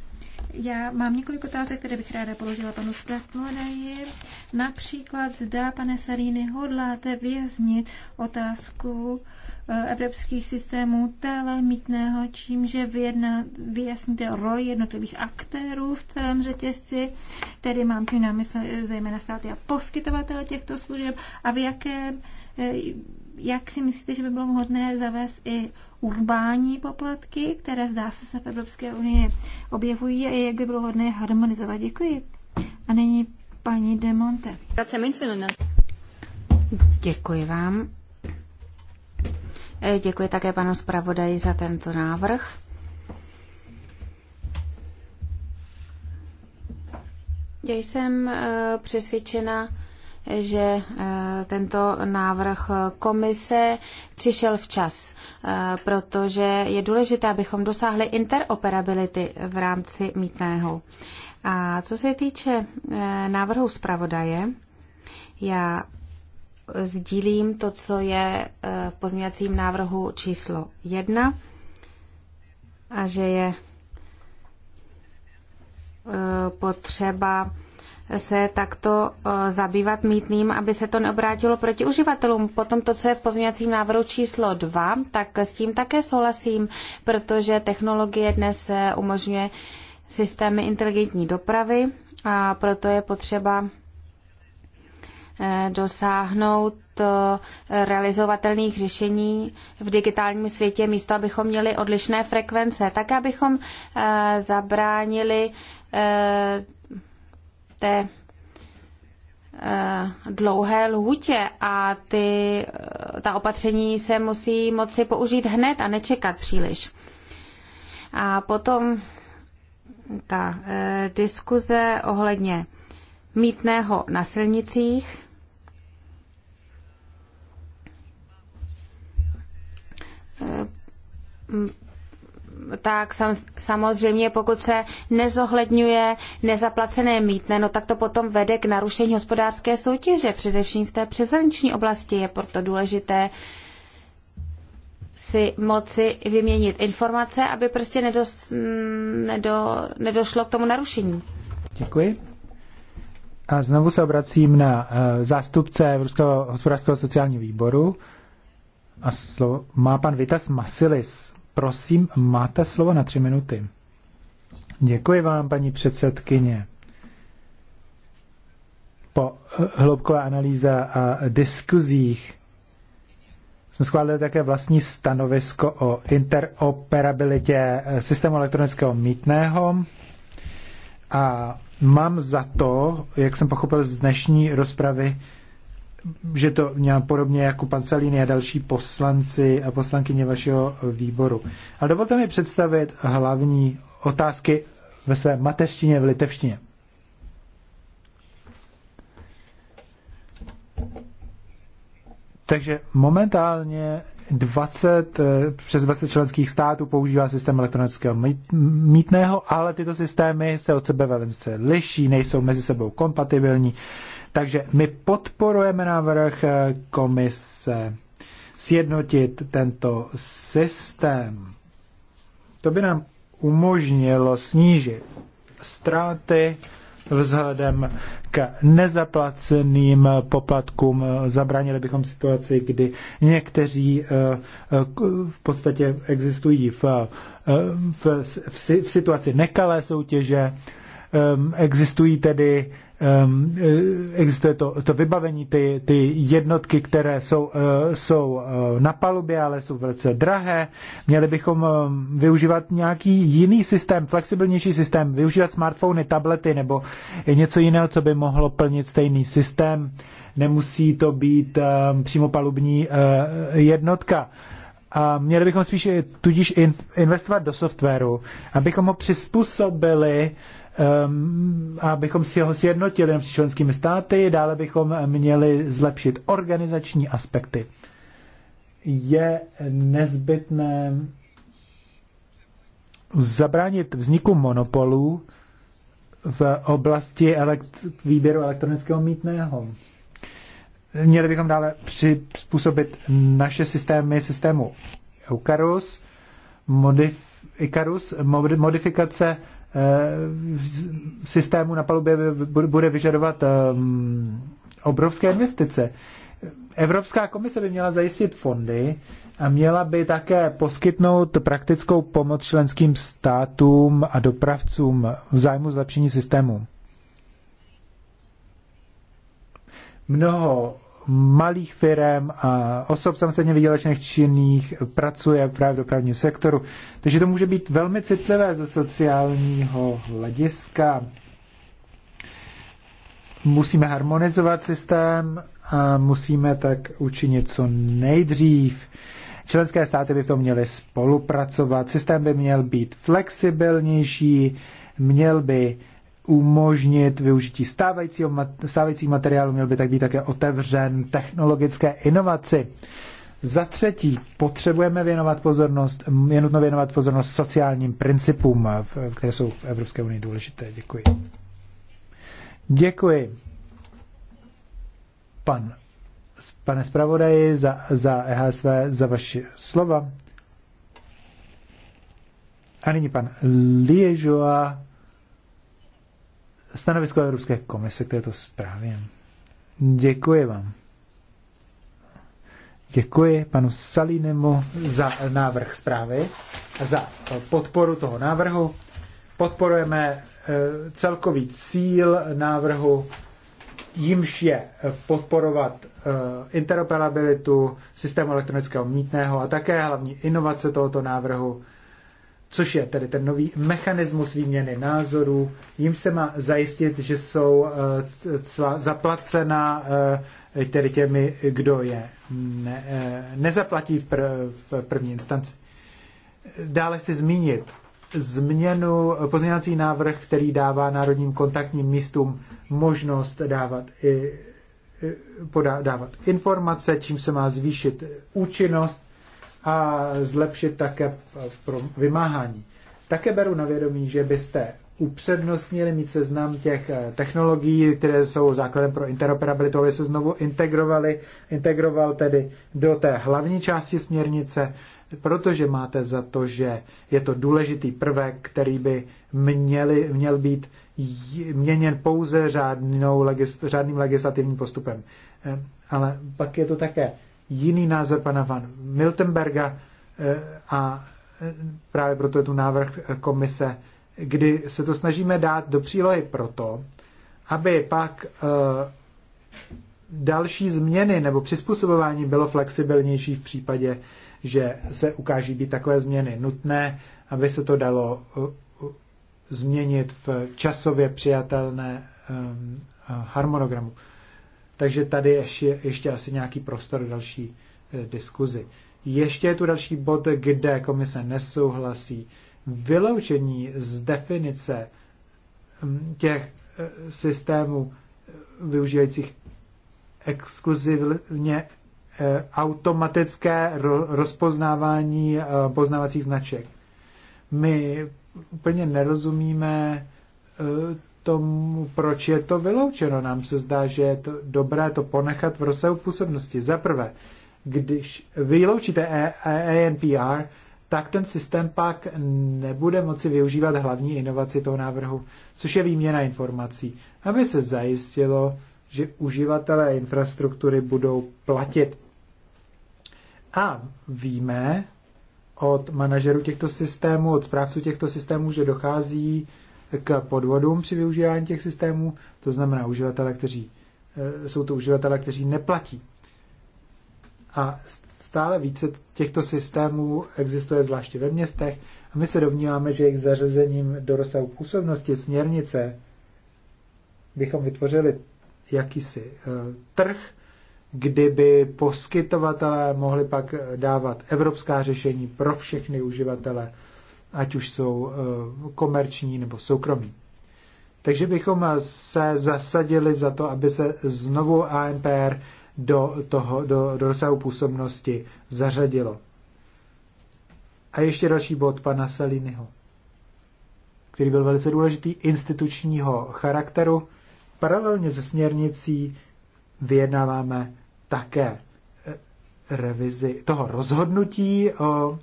Já mám několik otázek, které bych ráda položila panu zpravodaji. Například zda, pane Saríny, hodláte věznit otázku eh, evropských systémů telemítného, čímže vyjedna, vyjasníte roli jednotlivých aktérů v celém řetězci, tedy mám tím na mysli eh, zejména státy a poskytovatele těchto služeb a v jakém eh, jak si myslíte, že by bylo vhodné zavést i urbání poplatky, které zdá se se v Evropské unii objevují a jak by bylo vhodné harmonizovat? Děkuji. A nyní paní De Monte. Děkuji vám. Eh, děkuji také panu zpravodaji za tento návrh. Já jsem eh, přesvědčena, že eh, tento návrh komise přišel včas, eh, protože je důležité, abychom dosáhli interoperability v rámci mítného. A co se týče eh, návrhu zpravodaje, já sdílím to, co je v pozměňovacím návrhu číslo 1 a že je potřeba se takto eh, zabývat mýtným, aby se to neobrátilo proti uživatelům. Potom to, co je v pozměňovacím návrhu číslo 2, tak s tím také souhlasím, protože technologie dnes eh, umožňuje systémy inteligentní dopravy a proto je potřeba eh, dosáhnout realizovatelných řešení v digitálním světě, místo abychom měli odlišné frekvence, tak abychom zabránili té eh, dlouhé lhůtě a ty, eh, ta opatření se musí moci použít hned a nečekat příliš. A potom ta eh, diskuze ohledně mítného na silnicích. Eh, tak sam, samozřejmě pokud se nezohledňuje nezaplacené mítné, no tak to potom vede k narušení hospodářské soutěže, především v té přeshraniční oblasti je proto důležité si moci vyměnit informace, aby prostě nedos, nedo, nedošlo k tomu narušení. Děkuji. A znovu se obracím na eh, zástupce Evropského hospodářského sociálního výboru. A slovo má pan Vitas Masilis. Prosím, máte slovo na tři minuty. Děkuji vám, paní předsedkyně. Po hloubkové analýze a diskuzích jsme schválili také vlastní stanovisko o interoperabilitě systému elektronického mítného a mám za to, jak jsem pochopil z dnešní rozpravy, že to měl podobně jako pan Salini a další poslanci a poslankyně vašeho výboru. Ale dovolte mi představit hlavní otázky ve své mateřštině v litevštině. Takže momentálně 20, eh, přes 20 členských států používá systém elektronického mítného, ale tyto systémy se od sebe velice liší, nejsou mezi sebou kompatibilní takže my podporujeme návrh eh, komise sjednotit tento systém. To by nám umožnilo snížit ztráty vzhledem k nezaplaceným poplatkům. Zabránili bychom situaci, kdy někteří eh, eh, v podstatě existují v, v, v, v situaci nekalé soutěže Ehm, existují tedy ehm, e, existuje to, to vybavení, ty, ty jednotky, které jsou, e, jsou e, na palubě, ale jsou velice drahé. Měli bychom ehm, využívat nějaký jiný systém, flexibilnější systém, využívat smartfony, tablety nebo něco jiného, co by mohlo plnit stejný systém. Nemusí to být přímo palubní jednotka. A měli bychom spíše tudíž investovat do softwaru, abychom ho přizpůsobili uh, um, abychom si ho sjednotili s členskými státy, dále bychom měli zlepšit organizační aspekty. Je nezbytné zabránit vzniku monopolů v oblasti elekt- výběru elektronického mítného. Měli bychom dále přizpůsobit naše systémy systému Eucarus, modif- Icarus, modifikace Eh, systému na palubě bude vyžadovat ehm, obrovské investice. Evropská komise by měla zajistit fondy a měla by také poskytnout praktickou pomoc členským státům a dopravcům v zájmu zlepšení systému. Mnoho malých firm a osob samostatně výdělečných činných pracuje právě v dopravním sektoru. Takže to může být velmi citlivé ze sociálního hlediska. Musíme harmonizovat systém a musíme tak učinit co nejdřív. Členské státy by v tom měly spolupracovat. Systém by měl být flexibilnější, měl by umožnit využití stávajícího, stávajících materiálů, měl by tak být také otevřen technologické inovaci. Za třetí, potřebujeme věnovat pozornost, je nutno věnovat pozornost sociálním principům, které jsou v Evropské unii důležité. Děkuji. Děkuji. Pan, pane zpravodaji, za, za EHSV, za vaše slova. A nyní pan Liežoa stanovisko Evropské komise k této zprávě. Děkuji vám. Děkuji panu Salinemu za návrh zprávy a za podporu toho návrhu. Podporujeme eh, celkový cíl návrhu, jímž je eh, podporovat eh, interoperabilitu systému elektronického mítného a také hlavní inovace tohoto návrhu což je tedy ten nový mechanismus výměny názorů. Jim se má zajistit, že jsou eh, zaplacena eh, tedy těmi, kdo je ne, eh, nezaplatí v, pr- v první instanci. Dále chci zmínit změnu, pozměňovací návrh, který dává národním kontaktním místům možnost dávat i podávat informace, čím se má zvýšit účinnost a zlepšit také pro vymáhání. Také beru na vědomí, že byste upřednostnili mít seznam těch eh, technologií, které jsou základem pro interoperabilitu, aby se znovu integrovali, integroval tedy do té hlavní části směrnice, protože máte za to, že je to důležitý prvek, který by měli, měl být měněn pouze řádnou, legis, řádným legislativním postupem. Eh, ale pak je to také jiný názor pana Van Miltenberga eh, a eh, právě proto je tu návrh komise, kdy se to snažíme dát do přílohy proto, aby pak eh, další změny nebo přizpůsobování bylo flexibilnější v případě, že se ukáží být takové změny nutné, aby se to dalo změnit v časově přijatelné harmonogramu. Takže tady ještě, ještě asi nějaký prostor další eh, diskuzi. Ještě je tu další bod, kde komise nesouhlasí. Vyloučení z definice mm, těch eh, systémů eh, využívajících exkluzivně automatické rozpoznávání poznávacích značek. My úplně nerozumíme tomu, proč je to vyloučeno. Nám se zdá, že je to dobré to ponechat v rozsahu působnosti. Za prvé, když vyloučíte ANPR, e- e tak ten systém pak nebude moci využívat hlavní inovaci toho návrhu, což je výměna informací, aby se zajistilo, že uživatelé infrastruktury budou platit. A víme od manažerů těchto systémů, od správců těchto systémů, že dochází k podvodům při využívání těch systémů, to znamená uživatele, kteří eh, jsou to uživatele, kteří neplatí. A stále více těchto systémů existuje zvláště ve městech a my se domníváme, že jejich zařazením do rozsahu působnosti směrnice bychom vytvořili jakýsi eh, trh, kdyby poskytovatelé mohli pak dávat evropská řešení pro všechny uživatele ať už jsou eh, komerční nebo soukromí. Takže bychom eh, se zasadili za to, aby se znovu ANPR do, toho, do, do rozsahu působnosti zařadilo. A ještě další bod pana Saliniho, který byl velice důležitý institučního charakteru. Paralelně se směrnicí vyjednáváme také eh, revizi toho rozhodnutí o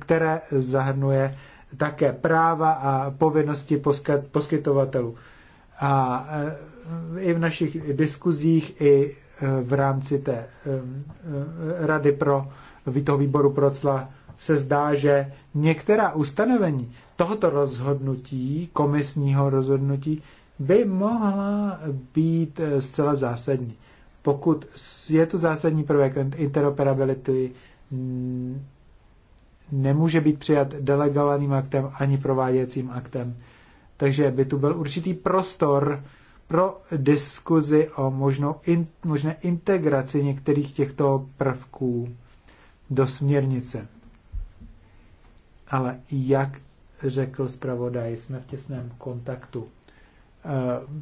které zahrnuje také práva a povinnosti poskytovatelů. A e, i v našich diskuzích, i e, v rámci té e, rady pro toho výboru Procla se zdá, že některá ustanovení tohoto rozhodnutí, komisního rozhodnutí, by mohla být zcela zásadní. Pokud je to zásadní prvek interoperability, nemůže být přijat delegovaným aktem ani prováděcím aktem. Takže by tu byl určitý prostor pro diskuzi o možnou in, možné integraci některých těchto prvků do směrnice. Ale jak řekl zpravodaj, jsme v těsném kontaktu eh,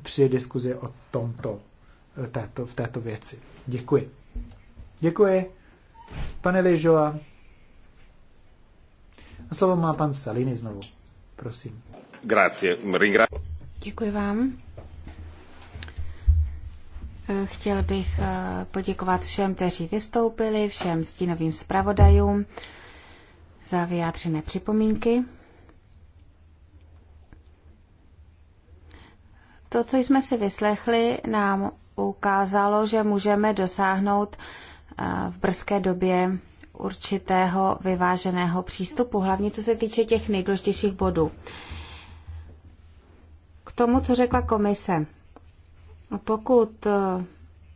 při diskuzi o tomto, eh, této, v této věci. Děkuji. Děkuji, pane Ližoa slovo má pan znovu. Prosím. Grazie. Děkuji vám. Chtěl bych eh, poděkovat všem, kteří vystoupili, všem stínovým zpravodajům za vyjádřené připomínky. To, co jsme si vyslechli, nám ukázalo, že můžeme dosáhnout eh, v brzké době určitého vyváženého přístupu, hlavně co se týče těch nejdůležitějších bodů. K tomu, co řekla komise. Pokud eh,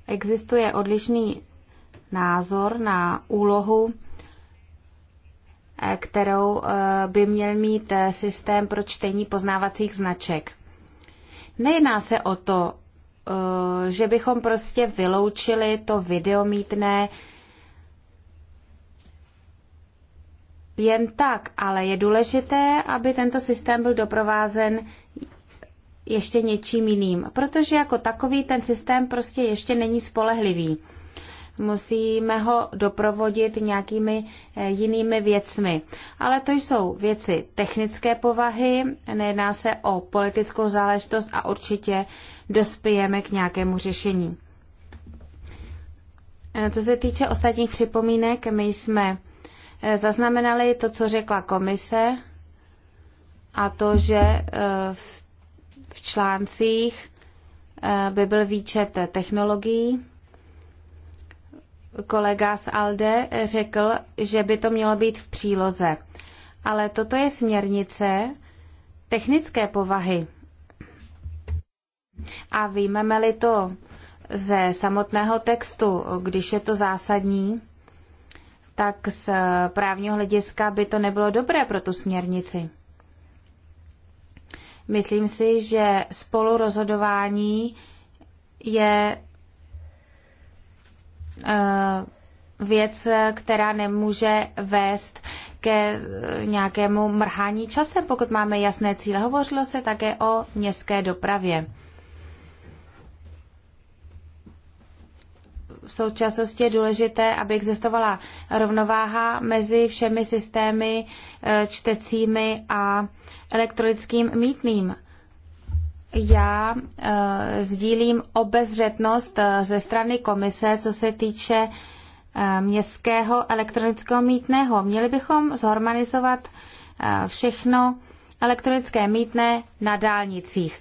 existuje odlišný názor na úlohu, eh, kterou eh, by měl mít systém pro čtení poznávacích značek. Nejedná se o to, že bychom prostě vyloučili to videomítné jen tak, ale je důležité, aby tento systém byl doprovázen ještě něčím jiným, protože jako takový ten systém prostě ještě není spolehlivý. Musíme ho doprovodit nějakými eh, jinými věcmi. Ale to jsou věci technické povahy, nejedná se o politickou záležitost a určitě dospějeme k nějakému řešení. Eh, co se týče ostatních připomínek, my jsme Eh, zaznamenali to, co řekla komise a to, že eh, v článcích eh, by byl výčet technologií. Kolega z ALDE řekl, že by to mělo být v příloze. Ale toto je směrnice technické povahy. A vyjmeme li to ze samotného textu, když je to zásadní, tak z právního hlediska by to nebylo dobré pro tu směrnici. Myslím si, že spolurozhodování je eh, věc, která nemůže vést ke nějakému mrhání časem, pokud máme jasné cíle. Hovořilo se také o městské dopravě. v současnosti je důležité, aby existovala rovnováha mezi všemi systémy eh, čtecími a elektronickým mítným. Já uh, sdílím obezřetnost uh, ze strany komise, co se týče uh, městského elektronického mítného. Měli bychom zharmonizovat uh, všechno elektronické mítné na dálnicích.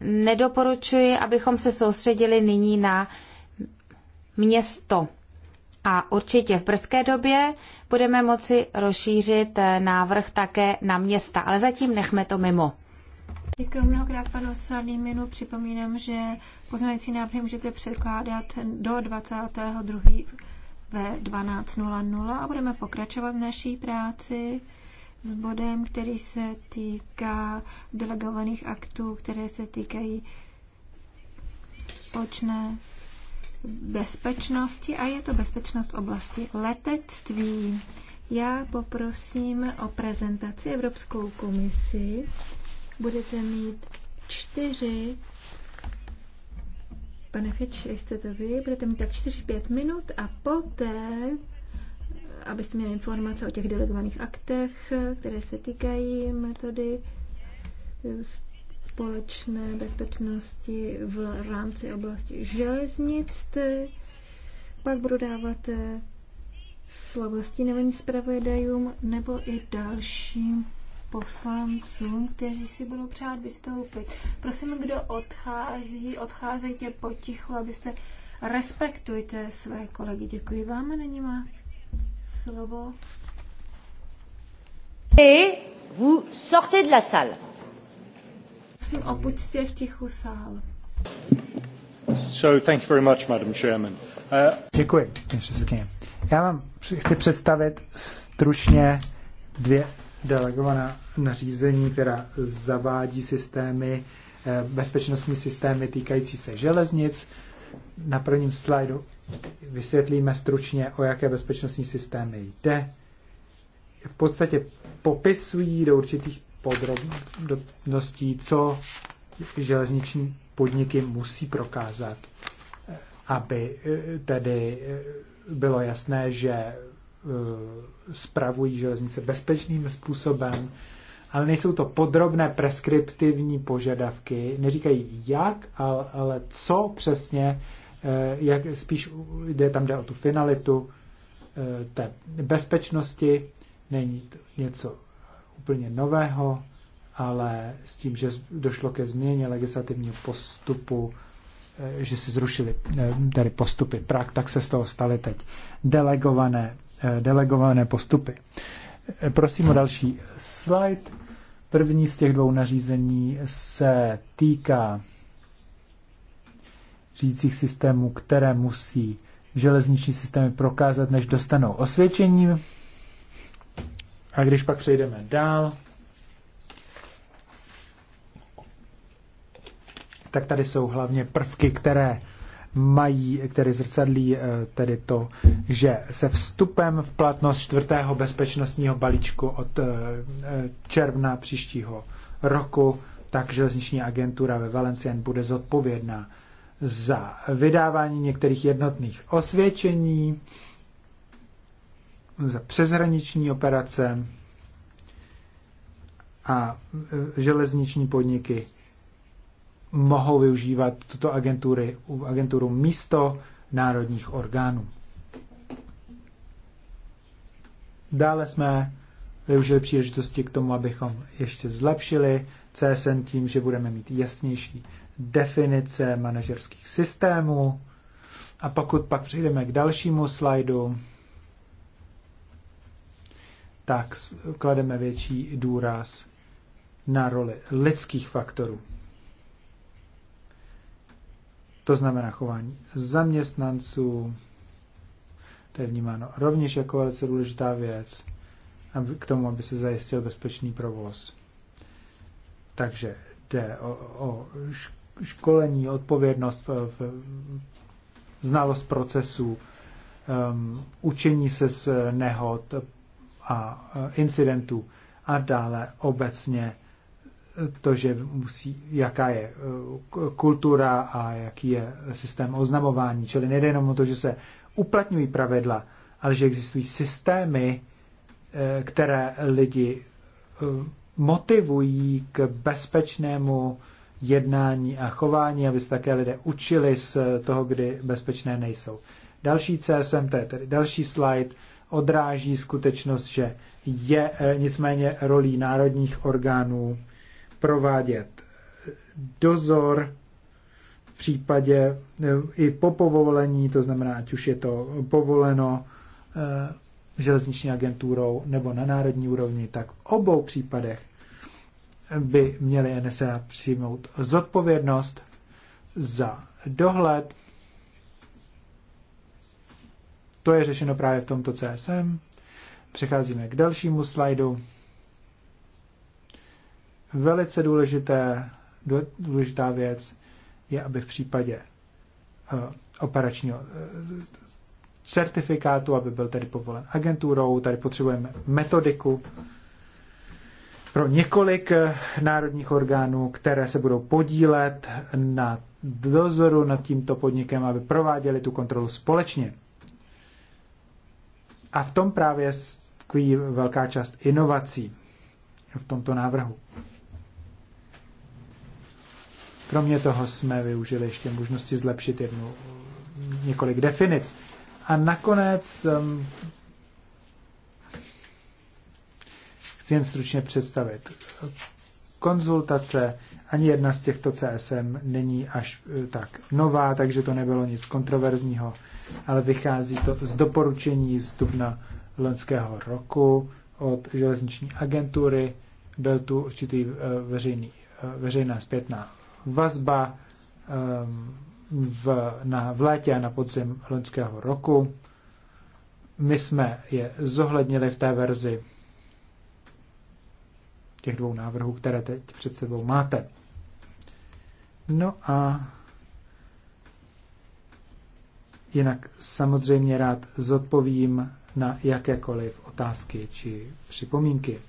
Nedoporučuji, abychom se soustředili nyní na uh, město. A určitě v brzké době budeme moci rozšířit eh, návrh také na města, ale zatím nechme to mimo. Děkuji mnohokrát panu Salíminu. Připomínám, že pozměňující návrhy můžete předkládat do 22. ve 12.00 a budeme pokračovat v naší práci s bodem, který se týká delegovaných aktů, které se týkají počné bezpečnosti a je to bezpečnost v oblasti letectví. Já poprosím o prezentaci Evropskou komisi. Budete mít čtyři Pane Fitch, jste to vy, budete mít tak 4-5 minut a poté, abyste měli informace o těch delegovaných aktech, které se týkají metody společné bezpečnosti v rámci oblasti železnictví. Pak budu dávat eh, slovo stínovým zpravodajům nebo i dalším poslancům, kteří si budou přát vystoupit. Prosím, kdo odchází, odcházejte potichu, abyste respektujte své kolegy. Děkuji vám a není má slovo. Et vous sortez de la salle. Prosím, opuďte v tichu sál. So, thank you very much, Madam Chairman. Uh... Děkuji, paní předsedkyně. Já vám chci představit stručně dvě delegovaná nařízení, která zavádí systémy, eh, bezpečnostní systémy týkající se železnic. Na prvním slajdu vysvětlíme stručně, o jaké bezpečnostní systémy jde. V podstatě popisují do určitých podrobností, co železniční podniky musí prokázat, aby eh, tedy eh, bylo jasné, že eh, spravují železnice bezpečným způsobem, ale nejsou to podrobné preskriptivní požadavky, neříkají jak, ale co přesně, jak spíš jde, tam jde o tu finalitu té bezpečnosti, není to něco úplně nového, ale s tím, že došlo ke změně legislativního postupu, eh, že se zrušily eh, tedy postupy prak, tak se z toho staly teď delegované, eh, delegované postupy. Prosím o další slide. První z těch dvou nařízení se týká řídících systémů, které musí železniční systémy prokázat, než dostanou osvědčení a když pak přejdeme dál, tak tady jsou hlavně prvky, které mají, které zrcadlí eh, tedy to, že se vstupem v platnost čtvrtého bezpečnostního balíčku od eh, eh, června příštího roku, tak železniční agentura ve Valencien bude zodpovědná za vydávání některých jednotných osvědčení, za přezhraniční operace a e, železniční podniky mohou využívat tuto agentury, agenturu místo národních orgánů. Dále jsme využili příležitosti k tomu, abychom ještě zlepšili CSN tím, že budeme mít jasnější definice manažerských systémů. A pokud pak přejdeme k dalšímu slajdu, tak klademe větší důraz na roli lidských faktorů. To znamená chování zaměstnanců, to je vnímáno rovněž jako velice důležitá věc aby, k tomu, aby se zajistil bezpečný provoz. Takže jde o, o školení, odpovědnost, v, v, znalost procesů, um, učení se z eh, nehod, a e, incidentů a dále obecně to, že musí, jaká je e, kultura a jaký je systém oznamování. Čili nejde jenom o to, že se uplatňují pravidla, ale že existují systémy, e, které lidi motivují k bezpečnému jednání a chování, aby se také lidé učili z toho, kdy bezpečné nejsou. Další CSM, to je tedy další slide, odráží skutečnost, že je eh, nicméně rolí národních orgánů provádět eh, dozor v případě eh, i po povolení, to znamená, ať už je to povoleno železniční agenturou nebo na národní úrovni, tak v obou případech by měly NSA přijmout zodpovědnost za dohled to je řešeno právě v tomto CSM. Přecházíme k dalšímu slajdu. Velice důležité, důležitá věc je, aby v případě eh, operačního eh, certifikátu, aby byl tedy povolen agenturou. Tady potřebujeme metodiku pro několik eh, národních orgánů, které se budou podílet na dozoru nad tímto podnikem, aby prováděli tu kontrolu společně. A v tom právě tkví velká část inovací v tomto návrhu. Kromě toho jsme využili ještě možnosti zlepšit jednu, několik definic. A nakonec um, chci jen stručně představit. Konzultace, ani jedna z těchto CSM není až eh, tak nová, takže to nebylo nic kontroverzního ale vychází to z doporučení z dubna loňského roku od železniční agentury. Byl tu určitý eh, veřejný, eh, veřejná zpětná vazba ehm, v, na, v létě a na podzim loňského roku. My jsme je zohlednili v té verzi těch dvou návrhů, které teď před sebou máte. No a Jinak samozřejmě rád zodpovím na jakékoliv otázky či připomínky.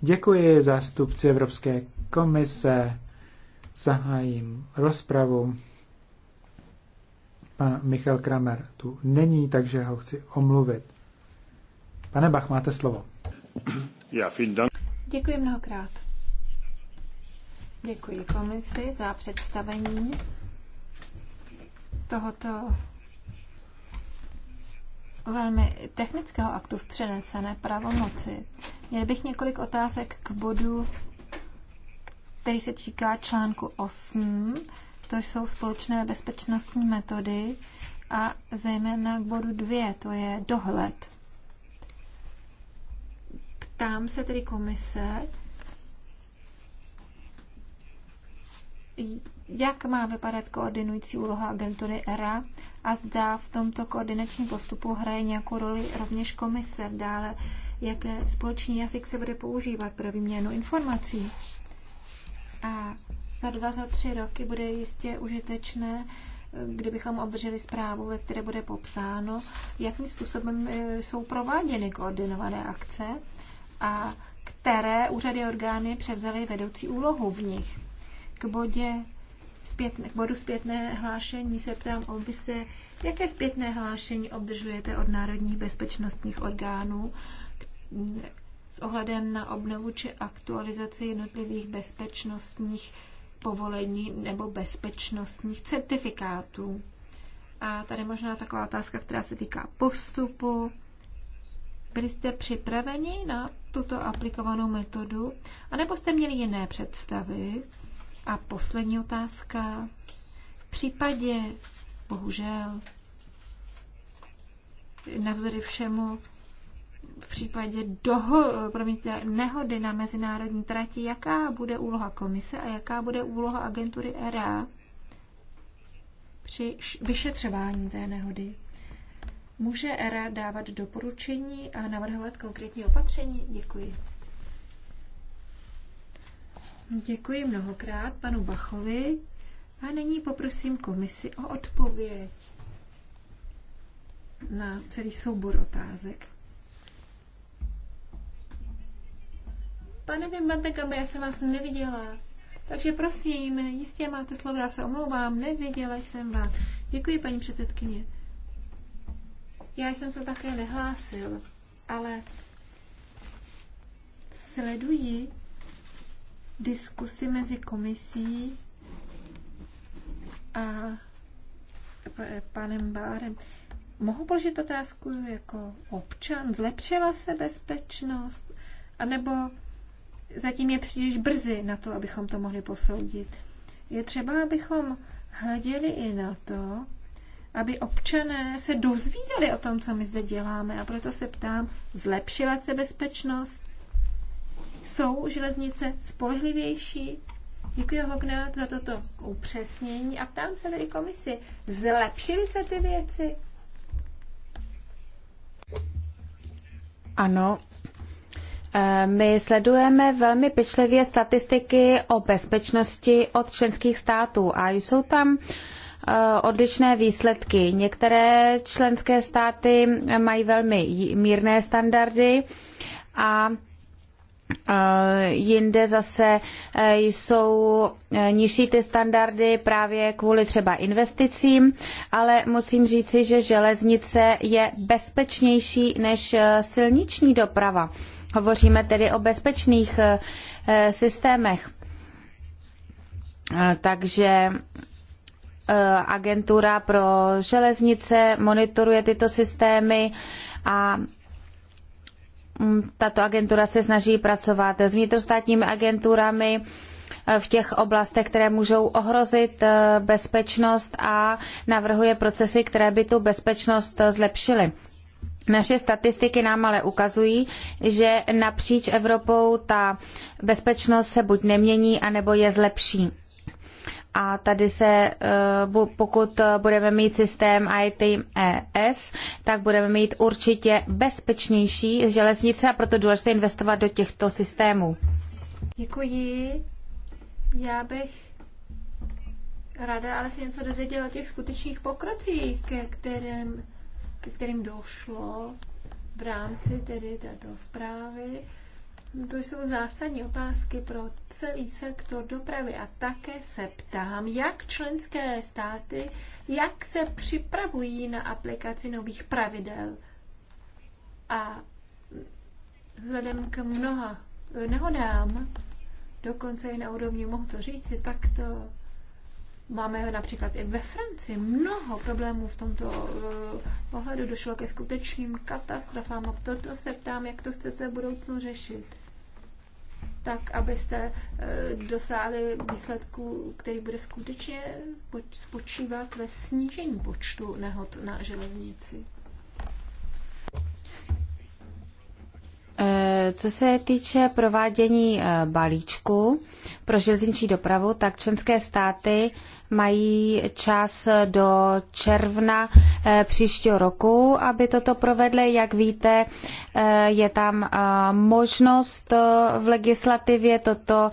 Děkuji zástupci Evropské komise. Zahájím rozpravu. Pan Michal Kramer tu není, takže ho chci omluvit. Pane Bach, máte slovo. Já, ja, Děkuji mnohokrát. Děkuji komisi za představení tohoto velmi technického aktu v přenesené pravomoci. Měl bych několik otázek k bodu, který se týká článku 8. To jsou společné bezpečnostní metody a zejména k bodu 2, to je dohled. Ptám se tedy komise, jak má vypadat koordinující úloha agentury ERA a zda v tomto koordinačním postupu hraje nějakou roli rovněž komise. Dále, jaké společný jazyk se bude používat pro výměnu informací. A za dva, za tři roky bude jistě užitečné, kdybychom obdrželi zprávu, ve které bude popsáno, jakým způsobem e, jsou prováděny koordinované akce a které úřady orgány převzaly vedoucí úlohu v nich. K, bodě zpětne, k bodu zpětné hlášení se ptám obise, jaké zpětné hlášení obdržujete od národních bezpečnostních orgánů s ohledem na obnovu či aktualizaci jednotlivých bezpečnostních povolení nebo bezpečnostních certifikátů. A tady možná taková otázka, která se týká postupu. Byli jste připraveni na tuto aplikovanou metodu, a nebo jste měli jiné představy? A poslední otázka. V případě, bohužel, navzory všemu, v případě doho, promiňte, nehody na mezinárodní trati, jaká bude úloha komise a jaká bude úloha agentury ERA při vyšetřování té nehody? Může ERA dávat doporučení a navrhovat konkrétní opatření? Děkuji. Děkuji mnohokrát panu Bachovi a nyní poprosím komisi o odpověď na celý soubor otázek. Pane Vimbatekabe, já jsem vás neviděla. Takže prosím, jistě máte slovo, já se omlouvám, neviděla jsem vás. Děkuji, paní předsedkyně. Já jsem se také nehlásil, ale sleduji diskusi mezi komisí a panem Bárem. Mohu položit otázku jako občan? Zlepšila se bezpečnost? A nebo zatím je příliš brzy na to, abychom to mohli posoudit? Je třeba, abychom hleděli i na to, aby občané se dozvídali o tom, co my zde děláme. A proto se ptám, zlepšila se bezpečnost? Jsou železnice spolehlivější? Děkuji Hognát za toto upřesnění a ptám se tedy komisi, zlepšily se ty věci? Ano, e, my sledujeme velmi pečlivě statistiky o bezpečnosti od členských států a jsou tam e, odlišné výsledky. Některé členské státy mají velmi mírné standardy a Jinde zase e, jsou e, nižší ty standardy právě kvůli třeba investicím, ale musím říci, že železnice je bezpečnější než e, silniční doprava. Hovoříme tedy o bezpečných systémech. Takže agentura pro železnice monitoruje tyto systémy a Mm, tato agentura se snaží pracovat s vnitrostátními agenturami eh, v těch oblastech, které můžou ohrozit eh, bezpečnost a navrhuje procesy, které by tu bezpečnost eh, zlepšily. Naše statistiky nám ale ukazují, že napříč Evropou ta bezpečnost se buď nemění, anebo je zlepší. A tady se, eh, pokud budeme mít systém ITMS, e tak budeme mít určitě bezpečnější železnice a proto důležité investovat do těchto systémů. Děkuji. Já bych ráda ale si něco dozvěděla o těch skutečných pokrocích, ke kterým, ke kterým došlo v rámci tedy této zprávy. To jsou zásadní otázky pro celý sektor dopravy a také se ptám, jak členské státy, jak se připravují na aplikaci nových pravidel. A vzhledem k mnoha nehodám, dokonce i na úrovni, mohu to říct, tak to Máme například i ve Francii mnoho problémů v tomto eh, pohledu. Došlo ke skutečným katastrofám a toto se ptám, jak to chcete v budoucnu řešit tak abyste eh, dosáhli výsledku, který bude skutečně spočívat ve snížení počtu nehod na železnici. Eh, co se týče provádění eh, balíčku pro železniční dopravu, tak členské státy mají čas do června eh, příštího roku, aby toto provedly. Jak víte, je tam možnost v legislativě toto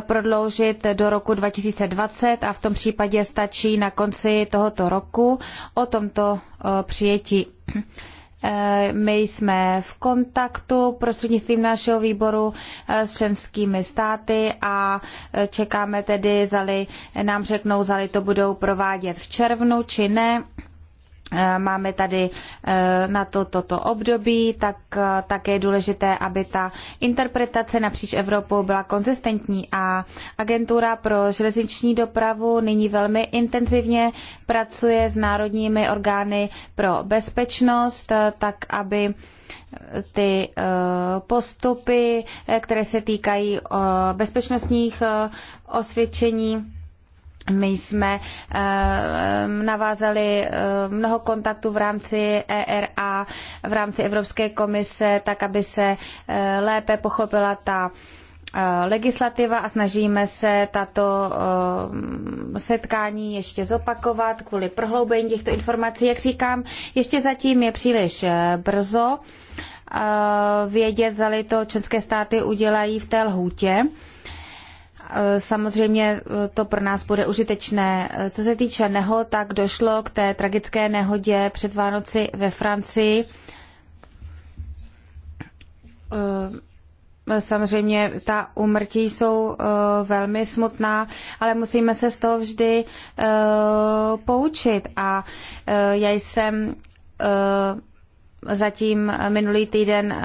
prodloužit do roku 2020 a v tom případě stačí na konci tohoto roku o tomto přijetí. Eh, my jsme v kontaktu prostřednictvím našeho výboru eh, s členskými státy a eh, čekáme tedy, zali nám řeknou, zali to budou provádět v červnu či ne. Eh, máme tady eh, na to, toto období, tak eh, také je důležité, aby ta interpretace napříč Evropou byla konzistentní a agentura pro železniční dopravu nyní velmi intenzivně pracuje s národními orgány pro bezpečnost, tak aby ty postupy, které se týkají bezpečnostních osvědčení, my jsme eh, navázali eh, mnoho kontaktů v rámci ERA, v rámci Evropské komise, tak aby se eh, lépe pochopila ta legislativa a snažíme se tato setkání ještě zopakovat kvůli prohloubení těchto informací. Jak říkám, ještě zatím je příliš brzo vědět, zali to české státy udělají v té lhůtě. Eh, samozřejmě eh, to pro nás bude užitečné. Eh, co se týče nehod, tak došlo k té tragické nehodě před Vánoci ve Francii. Samozřejmě ta úmrtí jsou velmi smutná, ale musíme se z toho vždy poučit. A já jsem zatím minulý týden eh,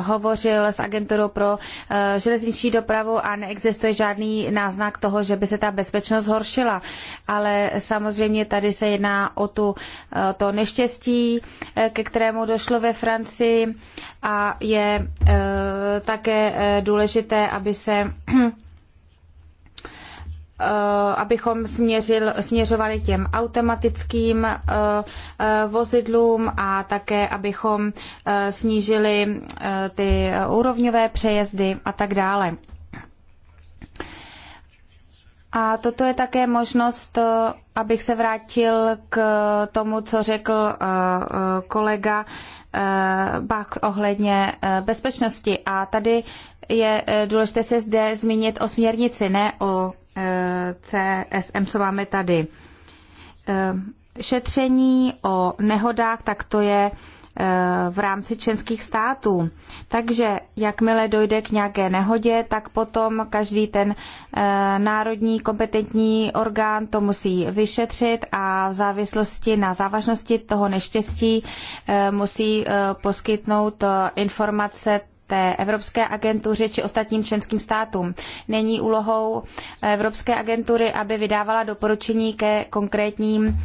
hovořil s agenturou pro eh, železniční dopravu a neexistuje žádný náznak toho, že by se ta bezpečnost zhoršila. Ale samozřejmě tady se jedná o tu, eh, to neštěstí, ke kterému došlo ve Francii a je také důležité, aby se Eh, abychom směřil, směřovali k těm automatickým eh, eh, vozidlům a také, abychom snížili ty úrovňové přejezdy a tak dále. A toto je také možnost, abych se vrátil k tomu, co řekl kolega Bach ohledně bezpečnosti. A tady je eh, důležité se zde zmínit o směrnici, ne o eh, CSM, co máme tady. Eh, šetření o nehodách, tak to je v rámci členských států. Takže jakmile dojde k nějaké nehodě, tak potom každý ten národní kompetentní orgán to musí vyšetřit a v závislosti na závažnosti toho neštěstí musí poskytnout informace té Evropské agentuře či ostatním členským státům. Není úlohou Evropské agentury, aby vydávala doporučení ke konkrétním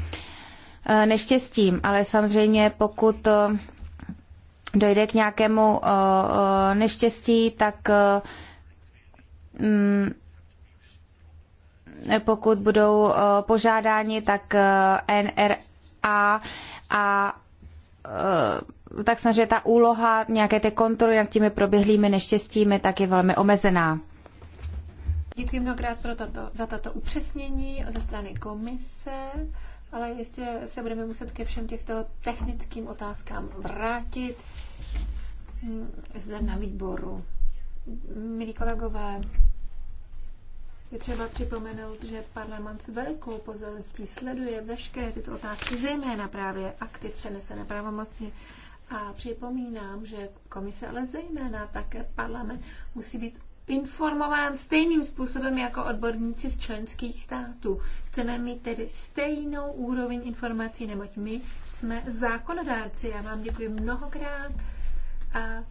eh, neštěstím, ale samozřejmě pokud eh, dojde k nějakému eh, neštěstí, tak mm, pokud budou požádáni, tak NRA a tak samozřejmě ta úloha nějaké té kontroly nad těmi proběhlými neštěstími tak je velmi omezená. Děkuji mnohokrát pro tato, za tato upřesnění ze strany komise, ale jistě se budeme muset ke všem těchto technickým otázkám vrátit hm, zde na výboru. Milí kolegové, je třeba připomenout, že parlament s velkou pozorností sleduje veškeré tyto otázky, zejména právě akty přenesené pravomoci a připomínám, že komise, ale zejména také parlament, musí být informován stejným způsobem jako odborníci z členských států. Chceme mít tedy stejnou úroveň informací, neboť my jsme zákonodárci. Já vám děkuji mnohokrát a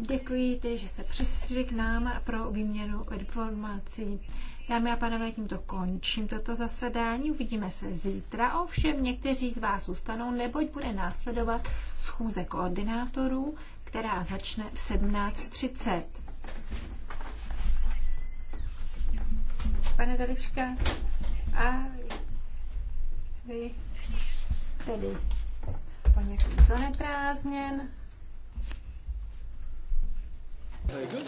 děkuji tedy, že se přišli k nám pro výměnu informací. Dámy a pánové, tímto končím toto zasedání. Uvidíme se zítra. Ovšem někteří z vás zůstanou, neboť bude následovat schůze koordinátorů, která začne v 17.30. Pane Dalička, a vy tedy poněkud zaneprázdněn. Very